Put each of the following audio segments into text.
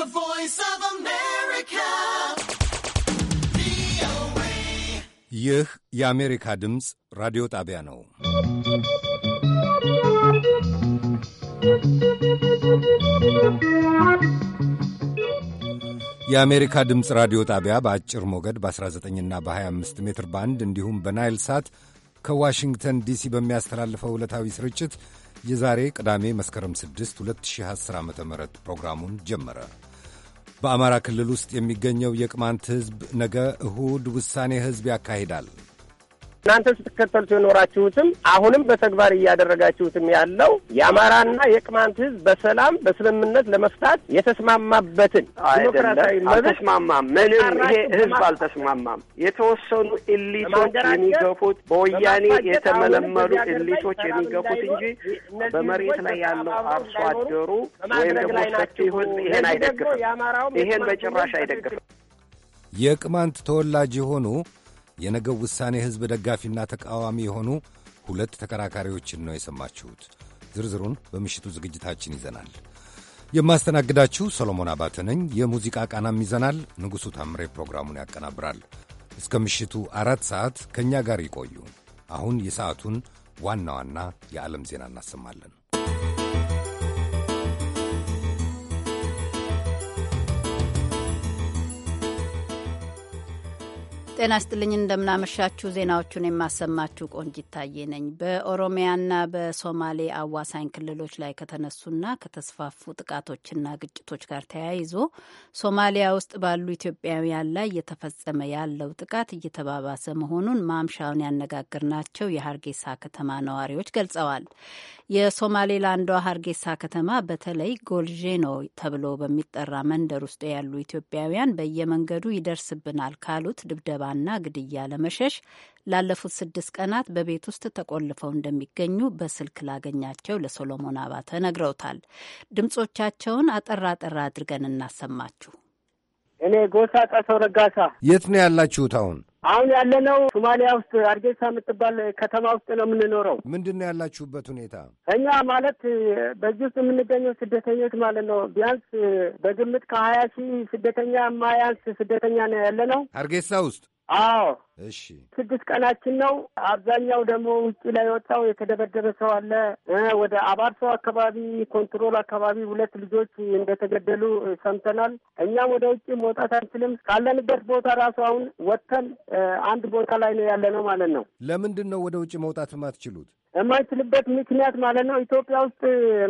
The Voice of America. ይህ የአሜሪካ ድምፅ ራዲዮ ጣቢያ ነው። የአሜሪካ ድምፅ ራዲዮ ጣቢያ በአጭር ሞገድ በ19ና በ25 ሜትር ባንድ እንዲሁም በናይል ሳት ከዋሽንግተን ዲሲ በሚያስተላልፈው ዕለታዊ ስርጭት የዛሬ ቅዳሜ መስከረም 6 2010 ዓ ም ፕሮግራሙን ጀመረ። በአማራ ክልል ውስጥ የሚገኘው የቅማንት ህዝብ ነገ እሁድ ውሳኔ ህዝብ ያካሂዳል። እናንተ ስትከተሉት የኖራችሁትም አሁንም በተግባር እያደረጋችሁትም ያለው የአማራና የቅማንት ህዝብ በሰላም በስምምነት ለመፍታት የተስማማበትን ዲሞክራሲያዊ አልተስማማም። ምንም ይሄ ህዝብ አልተስማማም። የተወሰኑ ኢሊቶች የሚገፉት በወያኔ የተመለመሉ ኢሊቶች የሚገፉት እንጂ በመሬት ላይ ያለው አርሶ አደሩ ወይም ደግሞ ሰፊው ህዝብ ይሄን አይደግፍም። ይሄን በጭራሽ አይደግፍም። የቅማንት ተወላጅ የሆኑ የነገው ውሳኔ ሕዝብ ደጋፊና ተቃዋሚ የሆኑ ሁለት ተከራካሪዎችን ነው የሰማችሁት። ዝርዝሩን በምሽቱ ዝግጅታችን ይዘናል። የማስተናግዳችሁ ሰሎሞን አባተ ነኝ። የሙዚቃ ቃናም ይዘናል። ንጉሡ ታምሬ ፕሮግራሙን ያቀናብራል። እስከ ምሽቱ አራት ሰዓት ከእኛ ጋር ይቆዩ። አሁን የሰዓቱን ዋና ዋና የዓለም ዜና እናሰማለን። ጤና ስጥልኝ። እንደምናመሻችሁ። ዜናዎቹን የማሰማችሁ ቆንጂት ታዬ ነኝ። በኦሮሚያና በሶማሌ አዋሳኝ ክልሎች ላይ ከተነሱና ከተስፋፉ ጥቃቶችና ግጭቶች ጋር ተያይዞ ሶማሊያ ውስጥ ባሉ ኢትዮጵያውያን ላይ እየተፈጸመ ያለው ጥቃት እየተባባሰ መሆኑን ማምሻውን ያነጋገርናቸው የሀርጌሳ ከተማ ነዋሪዎች ገልጸዋል። የሶማሌላንዷ ሀርጌሳ ከተማ በተለይ ጎልዤኖ ተብሎ በሚጠራ መንደር ውስጥ ያሉ ኢትዮጵያውያን በየመንገዱ ይደርስብናል ካሉት ድብደባ ወከባና ግድያ ለመሸሽ ላለፉት ስድስት ቀናት በቤት ውስጥ ተቆልፈው እንደሚገኙ በስልክ ላገኛቸው ለሶሎሞን አባተ ነግረውታል። ድምጾቻቸውን አጠራ አጠራ አድርገን እናሰማችሁ። እኔ ጎሳ ጣሰው ረጋሳ። የት ነው ያላችሁት አሁን? አሁን ያለነው ሶማሊያ ውስጥ አርጌሳ የምትባል ከተማ ውስጥ ነው የምንኖረው። ምንድን ነው ያላችሁበት ሁኔታ? እኛ ማለት በዚህ ውስጥ የምንገኘው ስደተኞች ማለት ነው። ቢያንስ በግምት ከሀያ ሺህ ስደተኛ ማያንስ ስደተኛ ነው ያለነው አርጌሳ ውስጥ አዎ እሺ፣ ስድስት ቀናችን ነው። አብዛኛው ደግሞ ውጭ ላይ ወጣው የተደበደበ ሰው አለ። ወደ አባርሰው አካባቢ ኮንትሮል አካባቢ ሁለት ልጆች እንደተገደሉ ሰምተናል። እኛም ወደ ውጭ መውጣት አንችልም። ካለንበት ቦታ ራሱ አሁን ወጥተን አንድ ቦታ ላይ ነው ያለ ነው ማለት ነው። ለምንድን ነው ወደ ውጭ መውጣት የማትችሉት? የማይችልበት ምክንያት ማለት ነው ኢትዮጵያ ውስጥ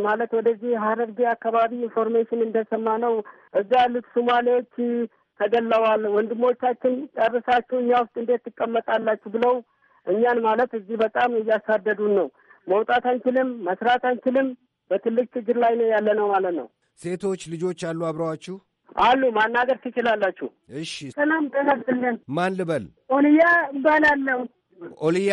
ማለት ወደዚህ ሀረርጌ አካባቢ ኢንፎርሜሽን እንደሰማ ነው እዛ ያሉት ሶማሌዎች ተገለዋል። ወንድሞቻችን ጨርሳችሁ እኛ ውስጥ እንዴት ትቀመጣላችሁ ብለው እኛን ማለት እዚህ በጣም እያሳደዱን ነው። መውጣት አንችልም፣ መስራት አንችልም። በትልቅ ችግር ላይ ነው ያለ ነው ማለት ነው። ሴቶች ልጆች አሉ አብረዋችሁ አሉ ማናገር ትችላላችሁ። እሺ ሰላም ደህና ማን ልበል? ኦልያ እባላለሁ። ኦልያ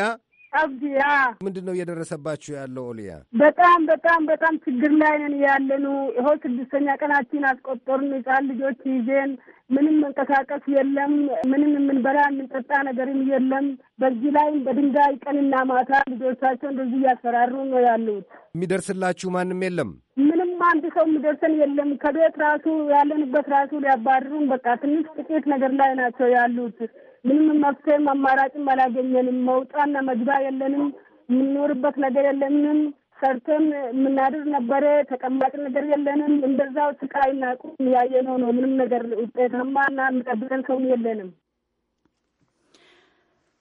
አብዲያ ምንድን ነው እየደረሰባችሁ ያለው? ኦልያ በጣም በጣም በጣም ችግር ላይ ነን ያለኑ። ይኸው ስድስተኛ ቀናችን አስቆጠሩን ህጻን ልጆች ይዜን ምንም መንቀሳቀስ የለም። ምንም የምንበላ የምንጠጣ ነገርም የለም። በዚህ ላይም በድንጋይ ቀንና ማታ ልጆቻቸው እንደዚህ እያሰራሩ ነው ያሉት። የሚደርስላችሁ ማንም የለም። ምንም አንድ ሰው የሚደርሰን የለም። ከቤት ራሱ ያለንበት ራሱ ሊያባርሩን በቃ ትንሽ ጥቂት ነገር ላይ ናቸው ያሉት። ምንም መፍትሄም አማራጭም አላገኘንም። መውጣና መግባ የለንም። የምንኖርበት ነገር የለንም። ሰርተን የምናድር ነበረ። ተቀማጭ ነገር የለንም። እንደዛው ስቃይና ቁም ያየነው ነው። ምንም ነገር ውጤታማ እና የሚጠብቀን ሰውን የለንም።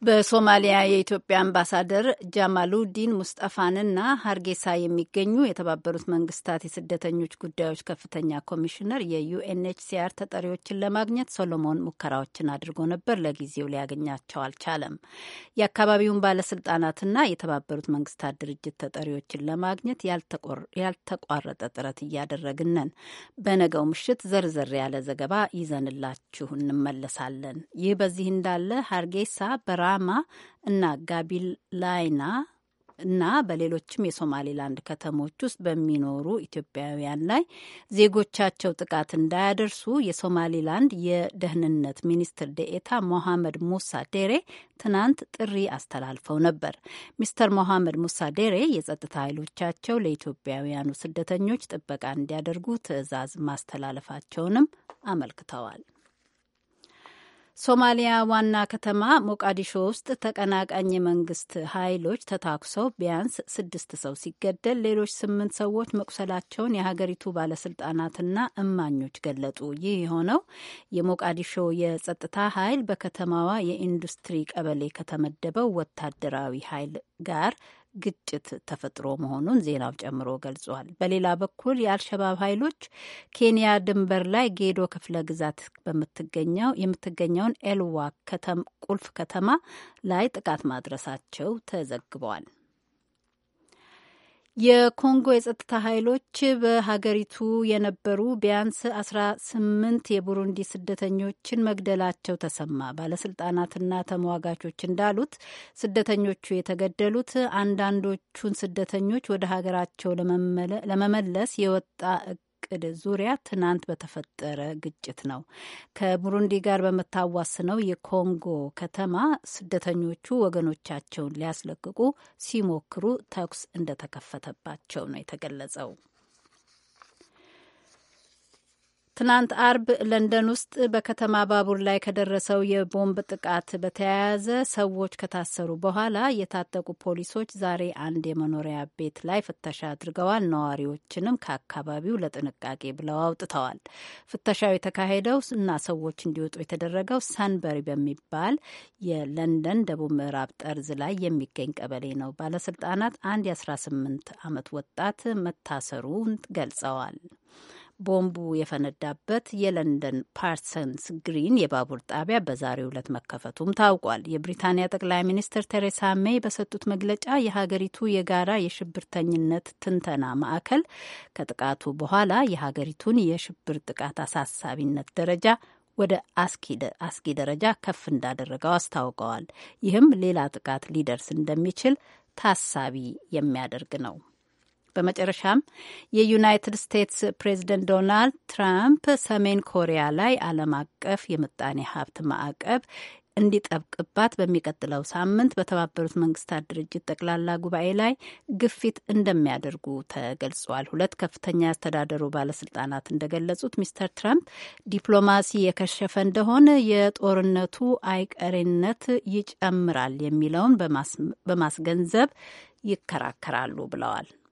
በሶማሊያ የኢትዮጵያ አምባሳደር ጃማሉዲን ሙስጠፋንና ሀርጌሳ የሚገኙ የተባበሩት መንግስታት የስደተኞች ጉዳዮች ከፍተኛ ኮሚሽነር የዩኤንኤችሲአር ተጠሪዎችን ለማግኘት ሶሎሞን ሙከራዎችን አድርጎ ነበር። ለጊዜው ሊያገኛቸው አልቻለም። የአካባቢውን ባለስልጣናትና የተባበሩት መንግስታት ድርጅት ተጠሪዎችን ለማግኘት ያልተቋረጠ ጥረት እያደረግንን በነገው ምሽት ዘርዘር ያለ ዘገባ ይዘንላችሁ እንመለሳለን። ይህ በዚህ እንዳለ ሀርጌሳ በራ ራማ እና ጋቢላይና እና በሌሎችም የሶማሌላንድ ከተሞች ውስጥ በሚኖሩ ኢትዮጵያውያን ላይ ዜጎቻቸው ጥቃት እንዳያደርሱ የሶማሌላንድ የደህንነት ሚኒስትር ደኤታ ሞሐመድ ሙሳ ዴሬ ትናንት ጥሪ አስተላልፈው ነበር። ሚስተር ሞሐመድ ሙሳ ዴሬ የጸጥታ ኃይሎቻቸው ለኢትዮጵያውያኑ ስደተኞች ጥበቃ እንዲያደርጉ ትዕዛዝ ማስተላለፋቸውንም አመልክተዋል። ሶማሊያ ዋና ከተማ ሞቃዲሾ ውስጥ ተቀናቃኝ የመንግስት ኃይሎች ተታኩሰው ቢያንስ ስድስት ሰው ሲገደል ሌሎች ስምንት ሰዎች መቁሰላቸውን የሀገሪቱ ባለስልጣናትና እማኞች ገለጡ። ይህ የሆነው የሞቃዲሾ የጸጥታ ኃይል በከተማዋ የኢንዱስትሪ ቀበሌ ከተመደበው ወታደራዊ ኃይል ጋር ግጭት ተፈጥሮ መሆኑን ዜናው ጨምሮ ገልጿል። በሌላ በኩል የአልሸባብ ኃይሎች ኬንያ ድንበር ላይ ጌዶ ክፍለ ግዛት በምትገኘው የምትገኘውን ኤልዋ ቁልፍ ከተማ ላይ ጥቃት ማድረሳቸው ተዘግበዋል። የኮንጎ የጸጥታ ኃይሎች በሀገሪቱ የነበሩ ቢያንስ ስምንት የቡሩንዲ ስደተኞችን መግደላቸው ተሰማ። ባለስልጣናትና ተሟጋቾች እንዳሉት ስደተኞቹ የተገደሉት አንዳንዶቹን ስደተኞች ወደ ሀገራቸው ለመመለስ የወጣ እቅድ ዙሪያ ትናንት በተፈጠረ ግጭት ነው። ከቡሩንዲ ጋር በምታዋስነው የኮንጎ ከተማ ስደተኞቹ ወገኖቻቸውን ሊያስለቅቁ ሲሞክሩ ተኩስ እንደተከፈተባቸው ነው የተገለጸው። ትናንት አርብ ለንደን ውስጥ በከተማ ባቡር ላይ ከደረሰው የቦምብ ጥቃት በተያያዘ ሰዎች ከታሰሩ በኋላ የታጠቁ ፖሊሶች ዛሬ አንድ የመኖሪያ ቤት ላይ ፍተሻ አድርገዋል። ነዋሪዎችንም ከአካባቢው ለጥንቃቄ ብለው አውጥተዋል። ፍተሻው የተካሄደው እና ሰዎች እንዲወጡ የተደረገው ሳንበሪ በሚባል የለንደን ደቡብ ምዕራብ ጠርዝ ላይ የሚገኝ ቀበሌ ነው። ባለስልጣናት አንድ የ18 ዓመት ወጣት መታሰሩን ገልጸዋል። ቦምቡ የፈነዳበት የለንደን ፓርሰንስ ግሪን የባቡር ጣቢያ በዛሬው ዕለት መከፈቱም ታውቋል። የብሪታንያ ጠቅላይ ሚኒስትር ቴሬሳ ሜይ በሰጡት መግለጫ የሀገሪቱ የጋራ የሽብርተኝነት ትንተና ማዕከል ከጥቃቱ በኋላ የሀገሪቱን የሽብር ጥቃት አሳሳቢነት ደረጃ ወደ አስጊ ደረጃ ከፍ እንዳደረገው አስታውቀዋል። ይህም ሌላ ጥቃት ሊደርስ እንደሚችል ታሳቢ የሚያደርግ ነው። በመጨረሻም የዩናይትድ ስቴትስ ፕሬዚደንት ዶናልድ ትራምፕ ሰሜን ኮሪያ ላይ ዓለም አቀፍ የምጣኔ ሀብት ማዕቀብ እንዲጠብቅባት በሚቀጥለው ሳምንት በተባበሩት መንግስታት ድርጅት ጠቅላላ ጉባኤ ላይ ግፊት እንደሚያደርጉ ተገልጿል። ሁለት ከፍተኛ ያስተዳደሩ ባለስልጣናት እንደገለጹት ሚስተር ትራምፕ ዲፕሎማሲ የከሸፈ እንደሆነ የጦርነቱ አይቀሬነት ይጨምራል የሚለውን በማስገንዘብ ይከራከራሉ ብለዋል።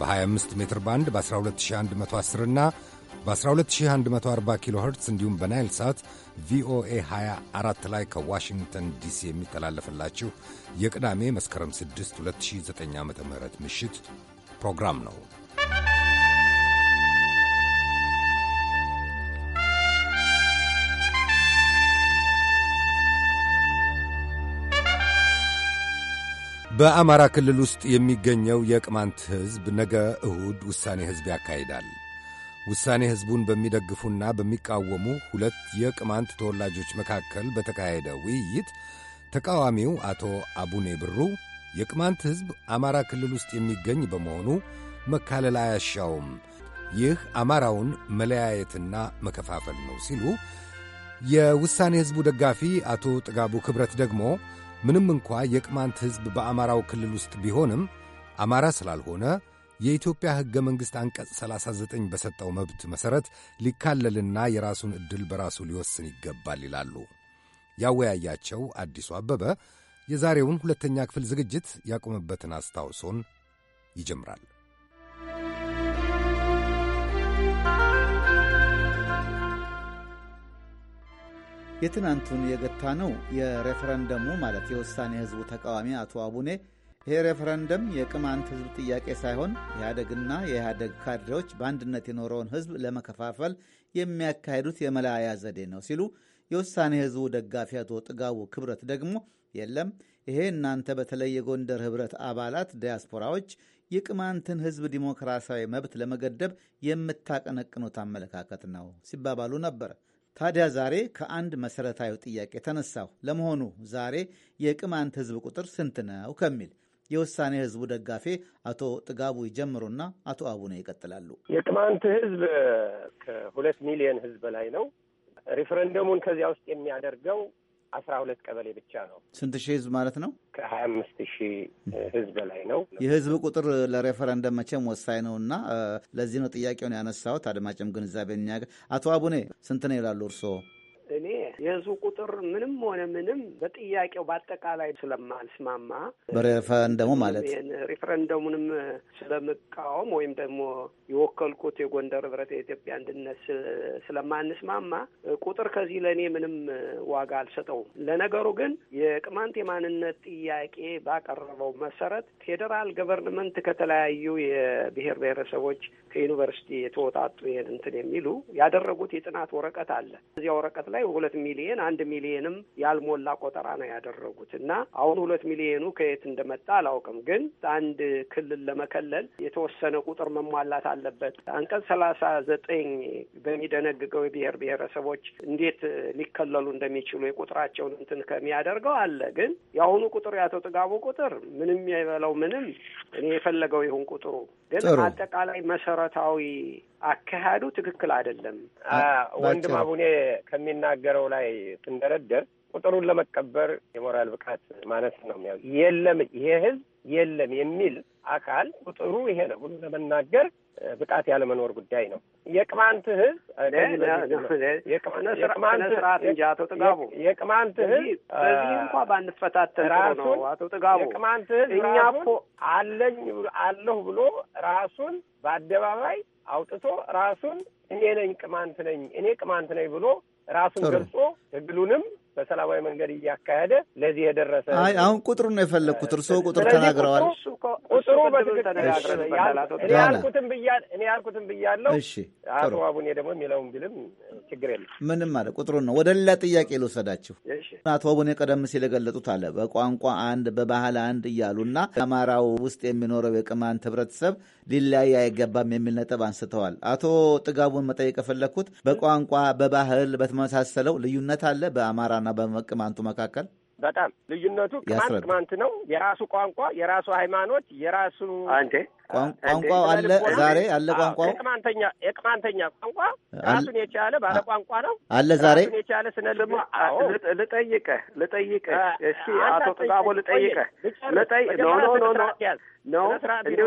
በ25 ሜትር ባንድ በ12110 እና በ12140 ኪሎ ኸርትዝ እንዲሁም በናይል ሳት ቪኦኤ 24 ላይ ከዋሽንግተን ዲሲ የሚተላለፍላችሁ የቅዳሜ መስከረም 6 2009 ዓ ም ምሽት ፕሮግራም ነው። በአማራ ክልል ውስጥ የሚገኘው የቅማንት ሕዝብ ነገ እሁድ ውሳኔ ሕዝብ ያካሂዳል። ውሳኔ ሕዝቡን በሚደግፉና በሚቃወሙ ሁለት የቅማንት ተወላጆች መካከል በተካሄደ ውይይት ተቃዋሚው አቶ አቡኔ ብሩ የቅማንት ሕዝብ አማራ ክልል ውስጥ የሚገኝ በመሆኑ መካለል አያሻውም፣ ይህ አማራውን መለያየትና መከፋፈል ነው ሲሉ የውሳኔ ሕዝቡ ደጋፊ አቶ ጥጋቡ ክብረት ደግሞ ምንም እንኳ የቅማንት ሕዝብ በአማራው ክልል ውስጥ ቢሆንም አማራ ስላልሆነ የኢትዮጵያ ሕገ መንግሥት አንቀጽ 39 በሰጠው መብት መሠረት ሊካለልና የራሱን ዕድል በራሱ ሊወስን ይገባል ይላሉ። ያወያያቸው አዲሱ አበበ የዛሬውን ሁለተኛ ክፍል ዝግጅት ያቆመበትን አስታውሶን ይጀምራል። የትናንቱን የገታ ነው የሬፈረንደሙ ማለት የውሳኔ ህዝቡ ተቃዋሚ አቶ አቡኔ ይሄ ሬፈረንደም የቅማንት ህዝብ ጥያቄ ሳይሆን ኢህአደግና የኢህአደግ ካድሬዎች በአንድነት የኖረውን ህዝብ ለመከፋፈል የሚያካሂዱት የመለያያ ዘዴ ነው ሲሉ የውሳኔ ህዝቡ ደጋፊ አቶ ጥጋቡ ክብረት ደግሞ የለም ይሄ እናንተ በተለይ የጎንደር ህብረት አባላት ዲያስፖራዎች የቅማንትን ህዝብ ዲሞክራሲያዊ መብት ለመገደብ የምታቀነቅኑት አመለካከት ነው ሲባባሉ ነበር። ታዲያ ዛሬ ከአንድ መሠረታዊ ጥያቄ ተነሳሁ። ለመሆኑ ዛሬ የቅማንት ህዝብ ቁጥር ስንት ነው ከሚል የውሳኔ ህዝቡ ደጋፊ አቶ ጥጋቡ ይጀምሩና አቶ አቡነ ይቀጥላሉ። የቅማንት ህዝብ ከሁለት ሚሊዮን ህዝብ በላይ ነው። ሪፍረንደሙን ከዚያ ውስጥ የሚያደርገው አስራ ሁለት ቀበሌ ብቻ ነው። ስንት ሺህ ህዝብ ማለት ነው? ከሀያ አምስት ሺህ ህዝብ በላይ ነው። የህዝብ ቁጥር ለሬፈረንደም መቼም ወሳኝ ነው እና ለዚህ ነው ጥያቄውን ያነሳሁት። አድማጭም ግንዛቤ አቶ አቡኔ ስንት ነው ይላሉ እርስዎ? እኔ የህዝቡ ቁጥር ምንም ሆነ ምንም በጥያቄው በአጠቃላይ ስለማልስማማ በሬፈረንደሙ ማለት ሪፈረንደሙንም ስለምቃወም ወይም ደግሞ የወከልኩት የጎንደር ህብረት የኢትዮጵያ አንድነት ስለማንስማማ ቁጥር ከዚህ ለእኔ ምንም ዋጋ አልሰጠውም። ለነገሩ ግን የቅማንት የማንነት ጥያቄ ባቀረበው መሰረት ፌዴራል ገቨርንመንት ከተለያዩ የብሔር ብሔረሰቦች ከዩኒቨርሲቲ የተወጣጡ ይሄን እንትን የሚሉ ያደረጉት የጥናት ወረቀት አለ። እዚያ ወረቀት ላይ ሁለት ሚሊየን አንድ ሚሊየንም ያልሞላ ቆጠራ ነው ያደረጉት እና አሁን ሁለት ሚሊየኑ ከየት እንደመጣ አላውቅም። ግን አንድ ክልል ለመከለል የተወሰነ ቁጥር መሟላት አለበት። አንቀጽ ሰላሳ ዘጠኝ በሚደነግገው የብሔር ብሔረሰቦች እንዴት ሊከለሉ እንደሚችሉ የቁጥራቸውን እንትን ከሚያደርገው አለ። ግን የአሁኑ ቁጥር የአቶ ጥጋቡ ቁጥር ምንም የበለው ምንም እኔ የፈለገው ይሁን ቁጥሩ ግን አጠቃላይ መሰረታዊ አካሄዱ ትክክል አይደለም። ወንድም አቡኔ ከሚናገረው ላይ ስንደረደር ቁጥሩን ለመቀበር የሞራል ብቃት ማነስ ነው የሚያ የለም ይሄ ህዝብ የለም የሚል አካል ቁጥሩ ይሄ ነው ብሎ ለመናገር ብቃት ያለመኖር ጉዳይ ነው። የቅማንት ህዝብ ስርዓት እንጂ አቶ ጥጋቡ የቅማንት ህዝብ በዚህ እንኳ ባንፈታተን ነው። አቶ ጥጋቡ የቅማንት ህዝብ እኛ እኮ አለኝ አለሁ ብሎ ራሱን በአደባባይ አውጥቶ ራሱን እኔ ነኝ ቅማንት ነኝ እኔ ቅማንት ነኝ ብሎ ራሱን ገልጾ ትግሉንም በሰላማዊ መንገድ እያካሄደ ለዚህ የደረሰ አይ አሁን ቁጥሩ ነው የፈለግኩት። እርስዎ ቁጥር ተናግረዋል። ቁጥሩ በትክክል እኔ ያልኩትን ብያ እኔ ያልኩትን ብያለው። አቶ አቡኔ ደግሞ የሚለውን ቢልም ችግር የለም ምንም አለ ቁጥሩን ነው። ወደ ሌላ ጥያቄ ልውሰዳችሁ። አቶ አቡኔ ቀደም ሲል የገለጡት አለ በቋንቋ አንድ በባህል አንድ እያሉና አማራው ውስጥ የሚኖረው የቅማንት ህብረተሰብ ሊለያይ አይገባም የሚል ነጥብ አንስተዋል። አቶ ጥጋቡን መጠየቅ የፈለግኩት በቋንቋ በባህል በተመሳሰለው ልዩነት አለ በአማራ በአማራና በቅማንቱ መካከል? በጣም ልዩነቱ ቅማንት ቅማንት ነው። የራሱ ቋንቋ፣ የራሱ ሃይማኖት፣ የራሱ አንቴ ቋንቋው አለ ዛሬ አለ ቋንቋው የቅማንተኛ የቅማንተኛ ቋንቋ ራሱን የቻለ ባለ ቋንቋ ነው አለ ዛሬ የቻለ ስነ ልማ ልጠይቀ ልጠይቀ እሺ አቶ ጥጋቦ ልጠይቀህ ኖ ኖ ኖ ኖ እንዲሁ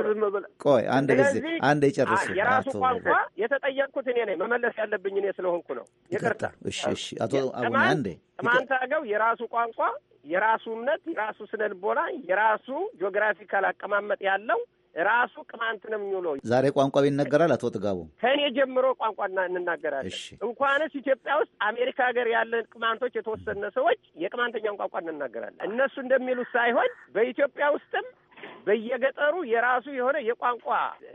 ቆይ አንድ ጊዜ አንድ የጨርሱ የራሱ ቋንቋ የተጠየቅኩት እኔ ነኝ መመለስ ያለብኝ እኔ ስለሆንኩ ነው ይቅርታ እሺ እሺ አቶ አቡነ አንዴ ቅማንት አገው የራሱ ቋንቋ የራሱ እምነት የራሱ ስነ ልቦና የራሱ ጂኦግራፊካል አቀማመጥ ያለው ራሱ ቅማንት ነው የሚውለው። ዛሬ ቋንቋ ይነገራል። አቶ ትጋቡ ከእኔ ጀምሮ ቋንቋ እንናገራለን። እንኳንስ ኢትዮጵያ ውስጥ አሜሪካ ሀገር ያለን ቅማንቶች የተወሰነ ሰዎች የቅማንተኛውን ቋንቋ እንናገራለን። እነሱ እንደሚሉት ሳይሆን በኢትዮጵያ ውስጥም በየገጠሩ የራሱ የሆነ የቋንቋ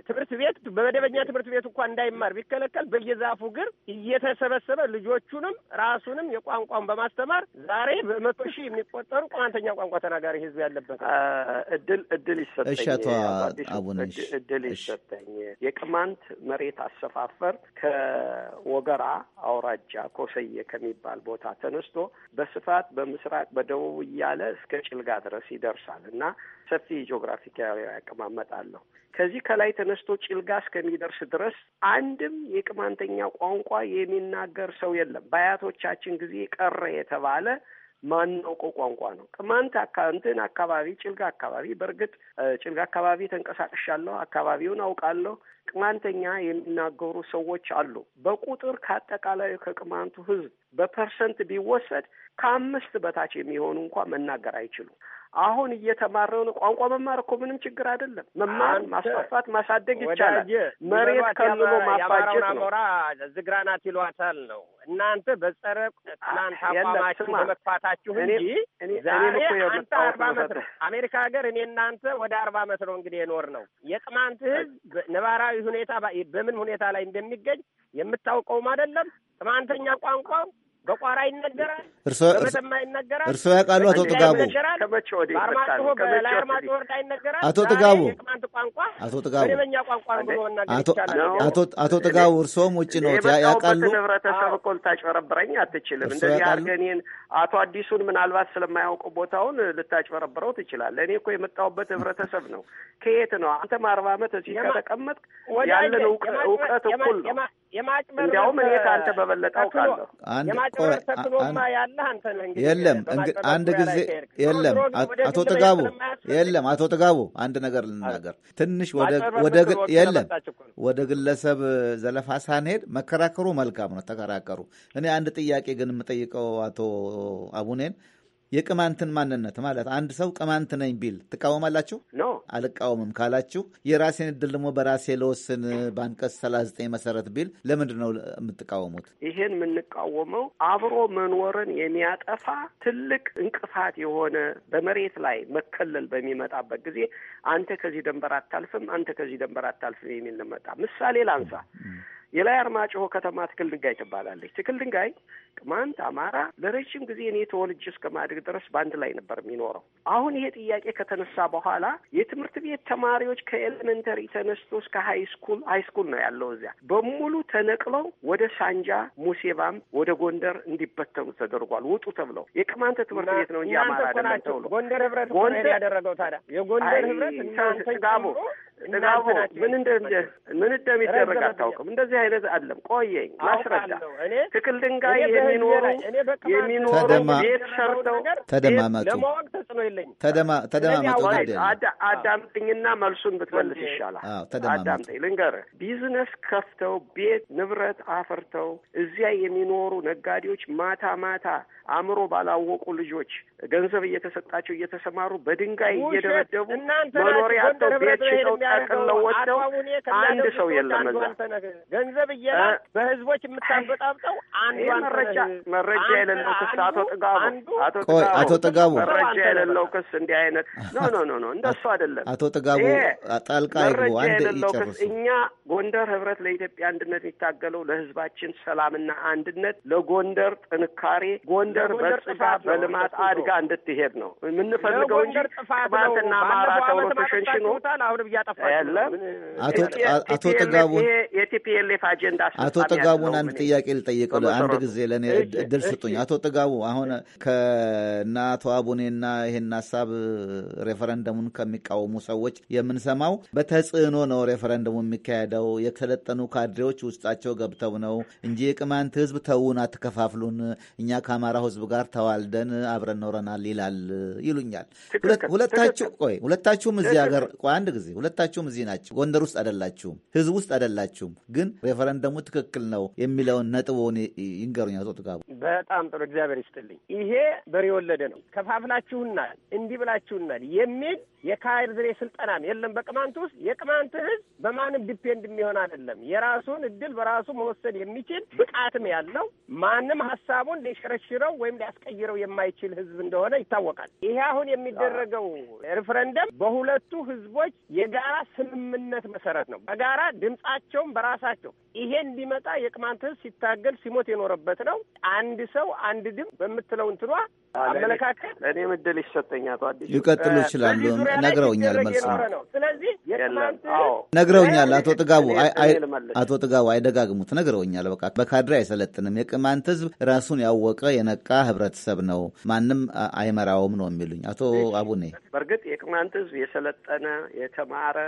ትምህርት ቤት በመደበኛ ትምህርት ቤት እንኳ እንዳይማር ቢከለከል በየዛፉ ግር እየተሰበሰበ ልጆቹንም ራሱንም የቋንቋን በማስተማር ዛሬ በመቶ ሺህ የሚቆጠሩ ቋንተኛ ቋንቋ ተናጋሪ ህዝብ ያለበት እድል እድል ይሰጠኝ እድል ይሰጠኝ። የቅማንት መሬት አሰፋፈር ከወገራ አውራጃ ኮሰየ ከሚባል ቦታ ተነስቶ በስፋት በምስራቅ በደቡብ እያለ እስከ ጭልጋ ድረስ ይደርሳል እና ሰፊ ጂኦግራፊካዊ አቀማመጥ አለው። ከዚህ ከላይ ተነስቶ ጭልጋ እስከሚደርስ ድረስ አንድም የቅማንተኛ ቋንቋ የሚናገር ሰው የለም። በአያቶቻችን ጊዜ ቀረ የተባለ ማናውቀው ቋንቋ ነው። ቅማንት እንትን አካባቢ ጭልጋ አካባቢ በእርግጥ ጭልጋ አካባቢ ተንቀሳቅሻለሁ፣ አካባቢውን አውቃለሁ። ቅማንተኛ የሚናገሩ ሰዎች አሉ። በቁጥር ከአጠቃላይ ከቅማንቱ ህዝብ በፐርሰንት ቢወሰድ ከአምስት በታች የሚሆኑ እንኳ መናገር አይችሉም። አሁን እየተማረውን ቋንቋ መማር እኮ ምንም ችግር አይደለም። መማር፣ ማስፋፋት፣ ማሳደግ ይቻላል። መሬት ከልሎ ማባጀት ነው። ዝግራናት ይሏታል ነው እናንተ በጸረ ትናንት አቋማችሁ በመግፋታችሁ እንጂ ዛሬ አንተ አርባ ዓመት ነው አሜሪካ ሀገር እኔ እናንተ ወደ አርባ ዓመት ነው እንግዲህ የኖር ነው የቅማንት ህዝብ ነባራዊ ሁኔታ በምን ሁኔታ ላይ እንደሚገኝ የምታውቀውም አይደለም። ቅማንተኛ ቋንቋው በቋራ ይነገራል፣ በመተማ ይነገራል። እርስዎ ያውቃሉ? አቶ ጥጋቡ በአርማጭሆ በላይ አርማጭሆ ወረዳ ይነገራል። አቶ ጥጋቡ ቅማንት ቋንቋ አቶ ጥጋቡ መደበኛ ቋንቋ ብሎ አቶ ጥጋቡ እርስዎም ውጭ ነው ያውቃሉ? ህብረተሰብ እኮ ልታጭበረብረኝ አትችልም። እንደዚህ አርገኔን አቶ አዲሱን ምናልባት ስለማያውቁ ቦታውን ልታጭበረብረው ትችላለህ። እኔ እኮ የመጣሁበት ህብረተሰብ ነው። ከየት ነው? አንተም አርባ ዓመት እዚህ ከተቀመጥ ያለን እውቀት እኩል ነው። የማጭበር እንዲያውም የለም አንድ ጊዜ የለም አቶ ጥጋቡ የለም አቶ ጥጋቡ አንድ ነገር ልናገር ትንሽ ወደ የለም ወደ ግለሰብ ዘለፋ ሳንሄድ መከራከሩ መልካም ነው። ተከራከሩ። እኔ አንድ ጥያቄ ግን የምጠይቀው አቶ አቡኔን የቅማንትን ማንነት ማለት አንድ ሰው ቅማንት ነኝ ቢል ትቃወማላችሁ? ኖ አልቃወምም ካላችሁ የራሴን እድል ደግሞ በራሴ ለወስን በአንቀጽ 39 መሰረት ቢል ለምንድን ነው የምትቃወሙት? ይሄን የምንቃወመው አብሮ መኖርን የሚያጠፋ ትልቅ እንቅፋት የሆነ በመሬት ላይ መከለል በሚመጣበት ጊዜ አንተ ከዚህ ደንበር አታልፍም፣ አንተ ከዚህ ደንበር አታልፍም የሚል መጣ። ምሳሌ ላንሳ። የላይ አርማጭሆ ከተማ ትክል ድንጋይ ትባላለች። ትክል ድንጋይ ቅማንት፣ አማራ ለረጅም ጊዜ እኔ ተወልጄ እስከ ማድግ ድረስ በአንድ ላይ ነበር የሚኖረው። አሁን ይሄ ጥያቄ ከተነሳ በኋላ የትምህርት ቤት ተማሪዎች ከኤሌመንተሪ ተነስቶ እስከ ሀይ ስኩል ሀይ ስኩል ነው ያለው እዚያ በሙሉ ተነቅለው ወደ ሳንጃ ሙሴባም፣ ወደ ጎንደር እንዲበተኑ ተደርጓል። ውጡ ተብለው የቅማንት ትምህርት ቤት ነው እንጂ አማራ አይደለም ተብሎ ጎንደር ህብረት ያደረገው ታዲያ የጎንደር ህብረት ምን ምን እንደሚደረግ አታውቅም። እንደዚህ አይነት አለም ቆየኝ ማስረዳ ትክል ድንጋይ የሚኖሩ የሚኖሩ ቤት ሰርተው አዳምጠኝና መልሱን ብትመልስ ይሻላል። አዳምጠኝ ልንገርህ። ቢዝነስ ከፍተው ቤት ንብረት አፍርተው እዚያ የሚኖሩ ነጋዴዎች ማታ ማታ አእምሮ ባላወቁ ልጆች ገንዘብ እየተሰጣቸው እየተሰማሩ በድንጋይ እየደበደቡ መኖሪያ አጥተው ቤት ሽጠው ነው ወጥተው አንድ ሰው የለም እዛ ገንዘብ እየላ በህዝቦች የምታበጣብጠው አንዱ መረጃ መረጃ የሌለው ክስ አቶ ጥጋቡ አቶ ጥጋቡ መረጃ የሌለው ክስ እንዲህ አይነት ኖ ኖ ኖ ኖ እንደሱ አይደለም። አቶ ጥጋቡ ጣልቃ ይግቡ። አንድ ይጨርሱ። እኛ ጎንደር ህብረት ለኢትዮጵያ አንድነት የሚታገለው ለህዝባችን ሰላምና አንድነት፣ ለጎንደር ጥንካሬ፣ ጎንደር በጽዳ በልማት አድጋ እንድትሄድ ነው የምንፈልገው እንጂ ቅባትና ማራ ተብሎ ተሸንሽኖ አቶ ጥጋቡን የቲፒኤልኤፍ አጀንዳ አቶ ጥጋቡን አንድ ጥያቄ ልጠይቀው አንድ ጊዜ ለእኔ እድል ስጡኝ። አቶ ጥጋቡ አሁን ከና አቶ አቡኔና ይህን ሀሳብ ሬፈረንደሙን ከሚቃወሙ ሰዎች የምንሰማው በተጽዕኖ ነው ሬፈረንደሙ የሚካሄደው የተሰለጠኑ ካድሬዎች ውስጣቸው ገብተው ነው እንጂ የቅማንት ህዝብ ተውን፣ አትከፋፍሉን፣ እኛ ከአማራው ህዝብ ጋር ተዋልደን አብረን ኖረናል ይላል ይሉኛል። ሁለታችሁ ቆይ ሁለታችሁም እዚህ ሀገር ቆይ አንድ ጊዜ ሁለታ ሁላችሁም እዚህ ናቸው። ጎንደር ውስጥ አይደላችሁም፣ ህዝብ ውስጥ አይደላችሁም። ግን ሬፈረንደሙ ትክክል ነው የሚለውን ነጥቦን ይንገሩኝ አቶ ጥጋቡ። በጣም ጥሩ እግዚአብሔር ይስጥልኝ። ይሄ በሬ ወለደ ነው። ከፋፍላችሁናል፣ እንዲህ ብላችሁናል የሚል የካድሬ ስልጠናም የለም በቅማንት ውስጥ። የቅማንት ህዝብ በማንም ዲፔንድ የሚሆን አይደለም። የራሱን እድል በራሱ መወሰን የሚችል ብቃትም ያለው ማንም ሀሳቡን ሊሸረሽረው ወይም ሊያስቀይረው የማይችል ህዝብ እንደሆነ ይታወቃል። ይሄ አሁን የሚደረገው ሪፍረንደም በሁለቱ ህዝቦች የጋራ በጋራ ስምምነት መሰረት ነው። በጋራ ድምጻቸውም በራሳቸው ይሄ እንዲመጣ የቅማንት ህዝብ ሲታገል ሲሞት የኖረበት ነው። አንድ ሰው አንድ ድምፅ በምትለው እንትኗ አመለካከት እኔ ምድል ይሰጠኛል። ሊቀጥሉ ይችላሉ። ነግረውኛል። መልስ ነው። ስለዚህ የቅማንት ነግረውኛል። አቶ ጥጋቡ አቶ ጥጋቡ አይደጋግሙት። ነግረውኛል። በቃ በካድሬ አይሰለጥንም። የቅማንት ህዝብ ራሱን ያወቀ የነቃ ህብረተሰብ ነው። ማንም አይመራውም ነው የሚሉኝ አቶ አቡኔ። በእርግጥ የቅማንት ህዝብ የሰለጠነ የተማረ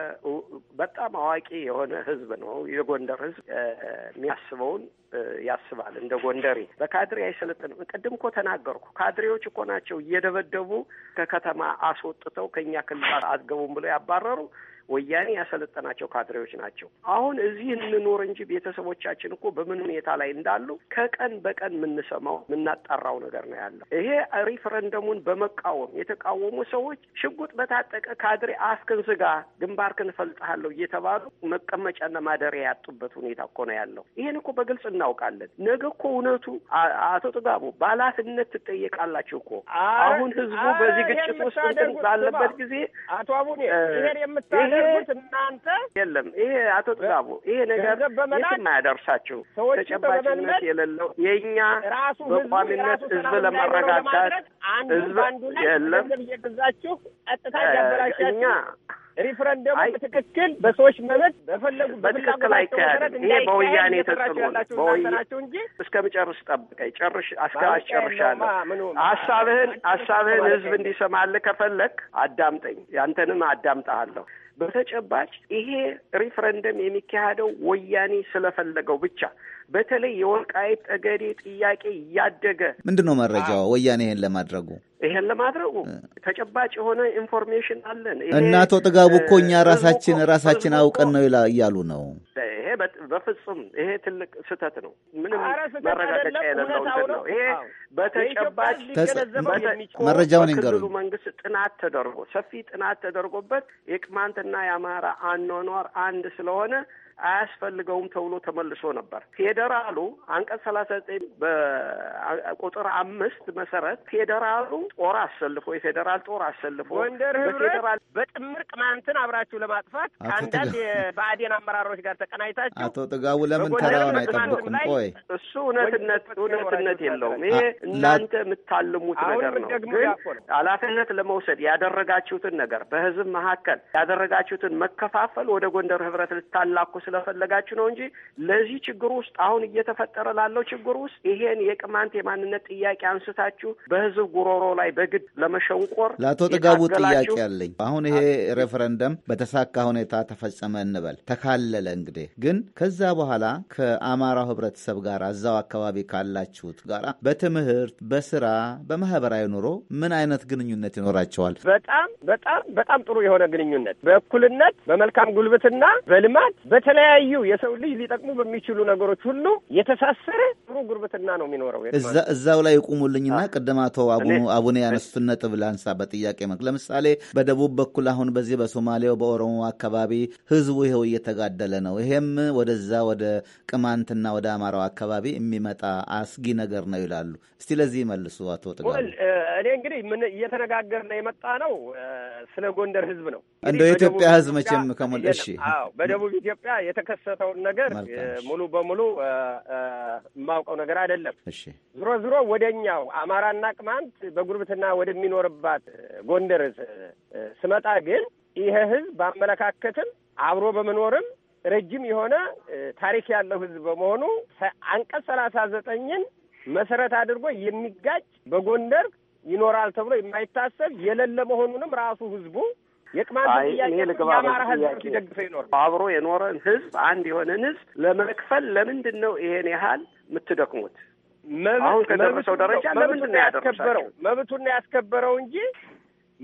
በጣም አዋቂ የሆነ ህዝብ ነው። የጎንደር ህዝብ የሚያስበውን ያስባል። እንደ ጎንደሬ በካድሬ አይሰለጥንም። ቅድም እኮ ተናገርኩ። ካድሬዎች እኮ ናቸው እየደበደቡ ከከተማ አስወጥተው ከእኛ ክልል አትገቡም ብለው ያባረሩ ወያኔ ያሰለጠናቸው ካድሬዎች ናቸው። አሁን እዚህ እንኖር እንጂ ቤተሰቦቻችን እኮ በምን ሁኔታ ላይ እንዳሉ ከቀን በቀን የምንሰማው የምናጣራው ነገር ነው ያለው። ይሄ ሪፈረንደሙን በመቃወም የተቃወሙ ሰዎች ሽጉጥ በታጠቀ ካድሬ አፍክን ስጋ፣ ግንባርክን ፈልጥሃለሁ እየተባሉ መቀመጫና ማደሪያ ያጡበት ሁኔታ እኮ ነው ያለው። ይሄን እኮ በግልጽ እናውቃለን። ነገ እኮ እውነቱ አቶ ጥጋቡ ባላፍነት ትጠየቃላችሁ እኮ አሁን ህዝቡ በዚህ ግጭት ውስጥ ባለበት ጊዜ አቶ አቡኔ ይሄን የምታደ የምታደርጉት እናንተ የለም። ይሄ አቶ ጥጋቡ ይሄ ነገር የትም አያደርሳችሁ። ተጨባጭነት የሌለው የእኛ ራሱ በቋሚነት ህዝብ ለመረጋጋት ህዝብ የለም። እየገዛችሁ ቀጥታ እኛ ሪፍረንደሙ በትክክል በሰዎች መብት በፈለጉ በትክክል አይካሄድም። ይሄ በወያኔ ተጽዕኖ በወያናቸው እንጂ ምጨርስ ጠብቀኝ። ጨርሽ አስከ አስጨርሻለሁ። ሀሳብህን ሀሳብህን ህዝብ እንዲሰማልህ ከፈለግ አዳምጠኝ፣ ያንተንም አዳምጠሃለሁ። በተጨባጭ ይሄ ሪፍረንደም የሚካሄደው ወያኔ ስለፈለገው ብቻ በተለይ የወልቃይት ጠገዴ ጥያቄ እያደገ ምንድን ነው መረጃው? ወያኔ ይሄን ለማድረጉ ይሄን ለማድረጉ ተጨባጭ የሆነ ኢንፎርሜሽን አለን። እናቶ ጥጋቡ እኮ እኛ ራሳችን ራሳችን አውቀን ነው እያሉ ነው። ይሄ በፍጹም ይሄ ትልቅ ስህተት ነው። ምንም መረጋገጫ የሌለው ነው። ይሄ በተጨባጭ መረጃውን ይንገሩ። መንግስት ጥናት ተደርጎ ሰፊ ጥናት ተደርጎበት የቅማንትና የአማራ አኗኗር አንድ ስለሆነ አያስፈልገውም ተብሎ ተመልሶ ነበር። ፌዴራሉ አንቀጽ ሰላሳ ዘጠኝ በቁጥር አምስት መሰረት ፌዴራሉ ጦር አሰልፎ የፌዴራል ጦር አሰልፎ ጎንደር ህብረት በጥምር ቅማንትን አብራችሁ ለማጥፋት ከአንዳንድ የብአዴን አመራሮች ጋር ተቀናጅታችሁ አቶ ጥጋቡ ለምን ተራውን አይጠብቁም? ቆይ እሱ እውነትነት እውነትነት የለውም። ይሄ እናንተ የምታልሙት ነገር ነው። ግን ኃላፊነት ለመውሰድ ያደረጋችሁትን ነገር በህዝብ መካከል ያደረጋችሁትን መከፋፈል ወደ ጎንደር ህብረት ልታላኩስ ስለፈለጋችሁ ነው እንጂ ለዚህ ችግር ውስጥ አሁን እየተፈጠረ ላለው ችግር ውስጥ ይሄን የቅማንት የማንነት ጥያቄ አንስታችሁ በህዝብ ጉሮሮ ላይ በግድ ለመሸንቆር ለአቶ ጥጋቡ ጥያቄ አለኝ። አሁን ይሄ ሬፈረንደም በተሳካ ሁኔታ ተፈጸመ እንበል፣ ተካለለ እንግዲህ ግን ከዛ በኋላ ከአማራው ህብረተሰብ ጋር እዛው አካባቢ ካላችሁት ጋር በትምህርት በስራ በማህበራዊ ኑሮ ምን አይነት ግንኙነት ይኖራቸዋል? በጣም በጣም በጣም ጥሩ የሆነ ግንኙነት በእኩልነት በመልካም ጉልበትና በልማት በተለ በተለያዩ የሰው ልጅ ሊጠቅሙ በሚችሉ ነገሮች ሁሉ የተሳሰረ ጥሩ ጉርብትና ነው የሚኖረው። እዛው ላይ ይቁሙልኝና ቅድም አቶ አቡነ ያነሱትን ነጥብ ላንሳ በጥያቄ መልክ ለምሳሌ በደቡብ በኩል አሁን በዚህ በሶማሌው በኦሮሞ አካባቢ ህዝቡ ይኸው እየተጋደለ ነው። ይሄም ወደዛ ወደ ቅማንትና ወደ አማራው አካባቢ የሚመጣ አስጊ ነገር ነው ይላሉ። እስቲ ለዚህ መልሱ አቶ ጥጋሉ። እኔ እንግዲህ ምን እየተነጋገርን የመጣ ነው ስለ ጎንደር ህዝብ ነው እንደ ኢትዮጵያ ህዝብ መቼም ከሞል እሺ፣ በደቡብ ኢትዮጵያ የተከሰተውን ነገር ሙሉ በሙሉ የማውቀው ነገር አይደለም። ዝሮ ዝሮ ወደኛው አማራና ቅማንት በጉርብትና ወደሚኖርባት ጎንደር ስመጣ ግን ይሄ ህዝብ በአመለካከትም አብሮ በመኖርም ረጅም የሆነ ታሪክ ያለው ህዝብ በመሆኑ አንቀጽ ሰላሳ ዘጠኝን መሰረት አድርጎ የሚጋጭ በጎንደር ይኖራል ተብሎ የማይታሰብ የሌለ መሆኑንም ራሱ ህዝቡ አብሮ የኖረን ህዝብ አንድ የሆነን ህዝብ ለመክፈል ለምንድን ነው ይሄን ያህል የምትደክሙት? አሁን ከደረሰው ደረጃ ለምንድን ነው ያደረሰው? መብቱን ነው ያስከበረው እንጂ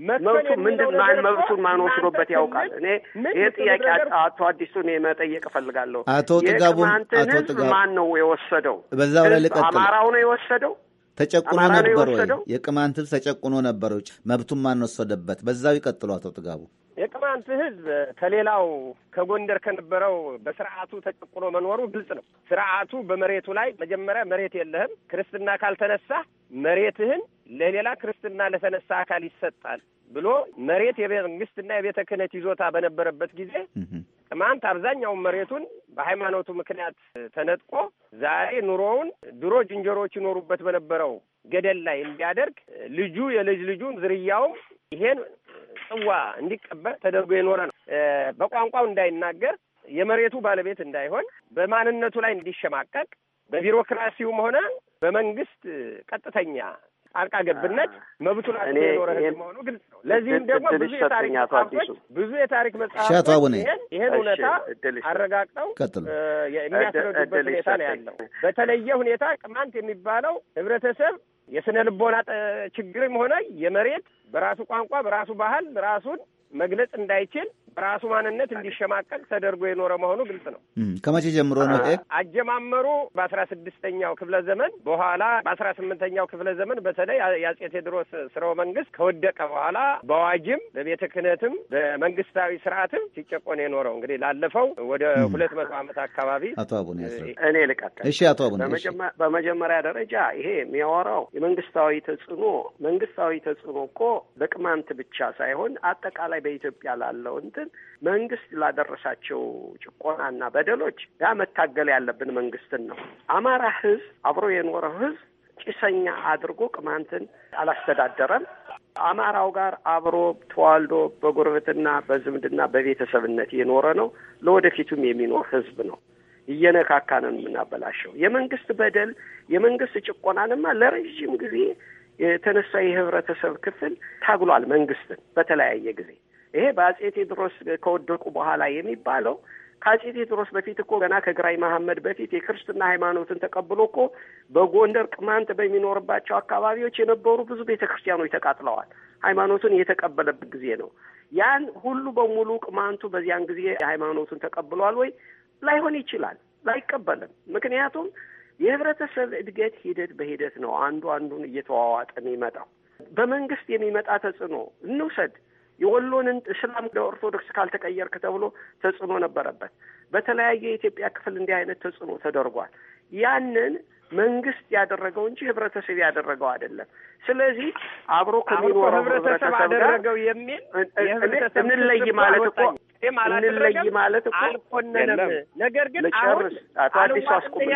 መብቱ ምንድን ማን መብቱን ማን ወስዶበት ያውቃል? እኔ ይሄ ጥያቄ አቶ አዲሱን መጠየቅ እፈልጋለሁ። አቶ ጥጋቡ አቶ ጥጋቡ ማን ነው የወሰደው? በዛው ላይ ልቀጥል። አማራው ነው የወሰደው ተጨቁኖ ነበር ወይ? የቅማንት ህዝብ ተጨቁኖ ነበር ወይ? መብቱን ማን ወሰደበት? በዛው ይቀጥሉ። አቶ ጥጋቡ የቅማንት ህዝብ ከሌላው ከጎንደር ከነበረው በስርዓቱ ተጨቁኖ መኖሩ ግልጽ ነው። ስርዓቱ በመሬቱ ላይ መጀመሪያ መሬት የለህም፣ ክርስትና ካልተነሳ መሬትህን ለሌላ ክርስትና ለተነሳ አካል ይሰጣል ብሎ መሬት የመንግስትና የቤተ ክህነት ይዞታ በነበረበት ጊዜ ቅማንት አብዛኛውን መሬቱን በሃይማኖቱ ምክንያት ተነጥቆ ዛሬ ኑሮውን ድሮ ዝንጀሮዎች ይኖሩበት በነበረው ገደል ላይ እንዲያደርግ ልጁ የልጅ ልጁን ዝርያውም ይሄን ጽዋ እንዲቀበል ተደርጎ የኖረ ነው። በቋንቋው እንዳይናገር የመሬቱ ባለቤት እንዳይሆን በማንነቱ ላይ እንዲሸማቀቅ በቢሮክራሲውም ሆነ በመንግስት ቀጥተኛ ጣልቃ ገብነት መብቱን አስ የኖረ ህዝብ መሆኑ ግልጽ ነው። ለዚህም ደግሞ ብዙ የታሪክ መጽሐፎች ብዙ የታሪክ መጽሐፎች ይህን እውነታ አረጋግጠው የሚያስረዱበት ሁኔታ ነው ያለው። በተለየ ሁኔታ ቅማንት የሚባለው ህብረተሰብ የስነ ልቦና ችግርም ሆነ የመሬት በራሱ ቋንቋ በራሱ ባህል ራሱን መግለጽ እንዳይችል በራሱ ማንነት እንዲሸማቀቅ ተደርጎ የኖረ መሆኑ ግልጽ ነው። ከመቼ ጀምሮ ነው? አጀማመሩ በአስራ ስድስተኛው ክፍለ ዘመን በኋላ በአስራ ስምንተኛው ክፍለ ዘመን በተለይ የአጼ ቴዎድሮስ ስርወ መንግስት ከወደቀ በኋላ በአዋጅም በቤተ ክህነትም በመንግስታዊ ስርዓትም ሲጨቆን የኖረው እንግዲህ ላለፈው ወደ ሁለት መቶ ዓመት አካባቢ አቶ አቡነ እኔ ልቀጥል። እሺ አቶ አቡነ በመጀመሪያ ደረጃ ይሄ የሚያወራው የመንግስታዊ ተጽዕኖ መንግስታዊ ተጽዕኖ እኮ በቅማንት ብቻ ሳይሆን አጠቃላይ በኢትዮጵያ ላለው እንትን መንግስት ላደረሳቸው ጭቆናና በደሎች ያ መታገል ያለብን መንግስትን ነው። አማራ ህዝብ አብሮ የኖረው ህዝብ ጭሰኛ አድርጎ ቅማንትን አላስተዳደረም። አማራው ጋር አብሮ ተዋልዶ በጉርብትና በዝምድና በቤተሰብነት የኖረ ነው። ለወደፊቱም የሚኖር ህዝብ ነው። ነው የምናበላሸው የመንግስት በደል የመንግስት ጭቆናንማ ለረዥም ጊዜ የተነሳ የህብረተሰብ ክፍል ታግሏል። መንግስትን በተለያየ ጊዜ ይሄ በአጼ ቴዎድሮስ ከወደቁ በኋላ የሚባለው ከአጼ ቴዎድሮስ በፊት እኮ ገና ከግራኝ መሐመድ በፊት የክርስትና ሃይማኖትን ተቀብሎ እኮ በጎንደር ቅማንት በሚኖርባቸው አካባቢዎች የነበሩ ብዙ ቤተ ክርስቲያኖች ተቃጥለዋል። ሃይማኖቱን የተቀበለበት ጊዜ ነው። ያን ሁሉ በሙሉ ቅማንቱ በዚያን ጊዜ ሃይማኖቱን ተቀብሏል ወይ? ላይሆን ይችላል፣ ላይቀበልም። ምክንያቱም የህብረተሰብ እድገት ሂደት በሂደት ነው። አንዱ አንዱን እየተዋዋጠ የሚመጣው በመንግስት የሚመጣ ተጽዕኖ እንውሰድ የወሎንን እስላም ወደ ኦርቶዶክስ ካልተቀየርክ ተብሎ ተጽዕኖ ነበረበት። በተለያየ የኢትዮጵያ ክፍል እንዲህ አይነት ተጽዕኖ ተደርጓል። ያንን መንግስት ያደረገው እንጂ ህብረተሰብ ያደረገው አይደለም። ስለዚህ አብሮ ከሚኖረው ህብረተሰብ አደረገው የሚል እንለይ ማለት እኮ እንለይ ማለት እኮ ነገር ግን አሁን አዲስ አዲሱ አስቁም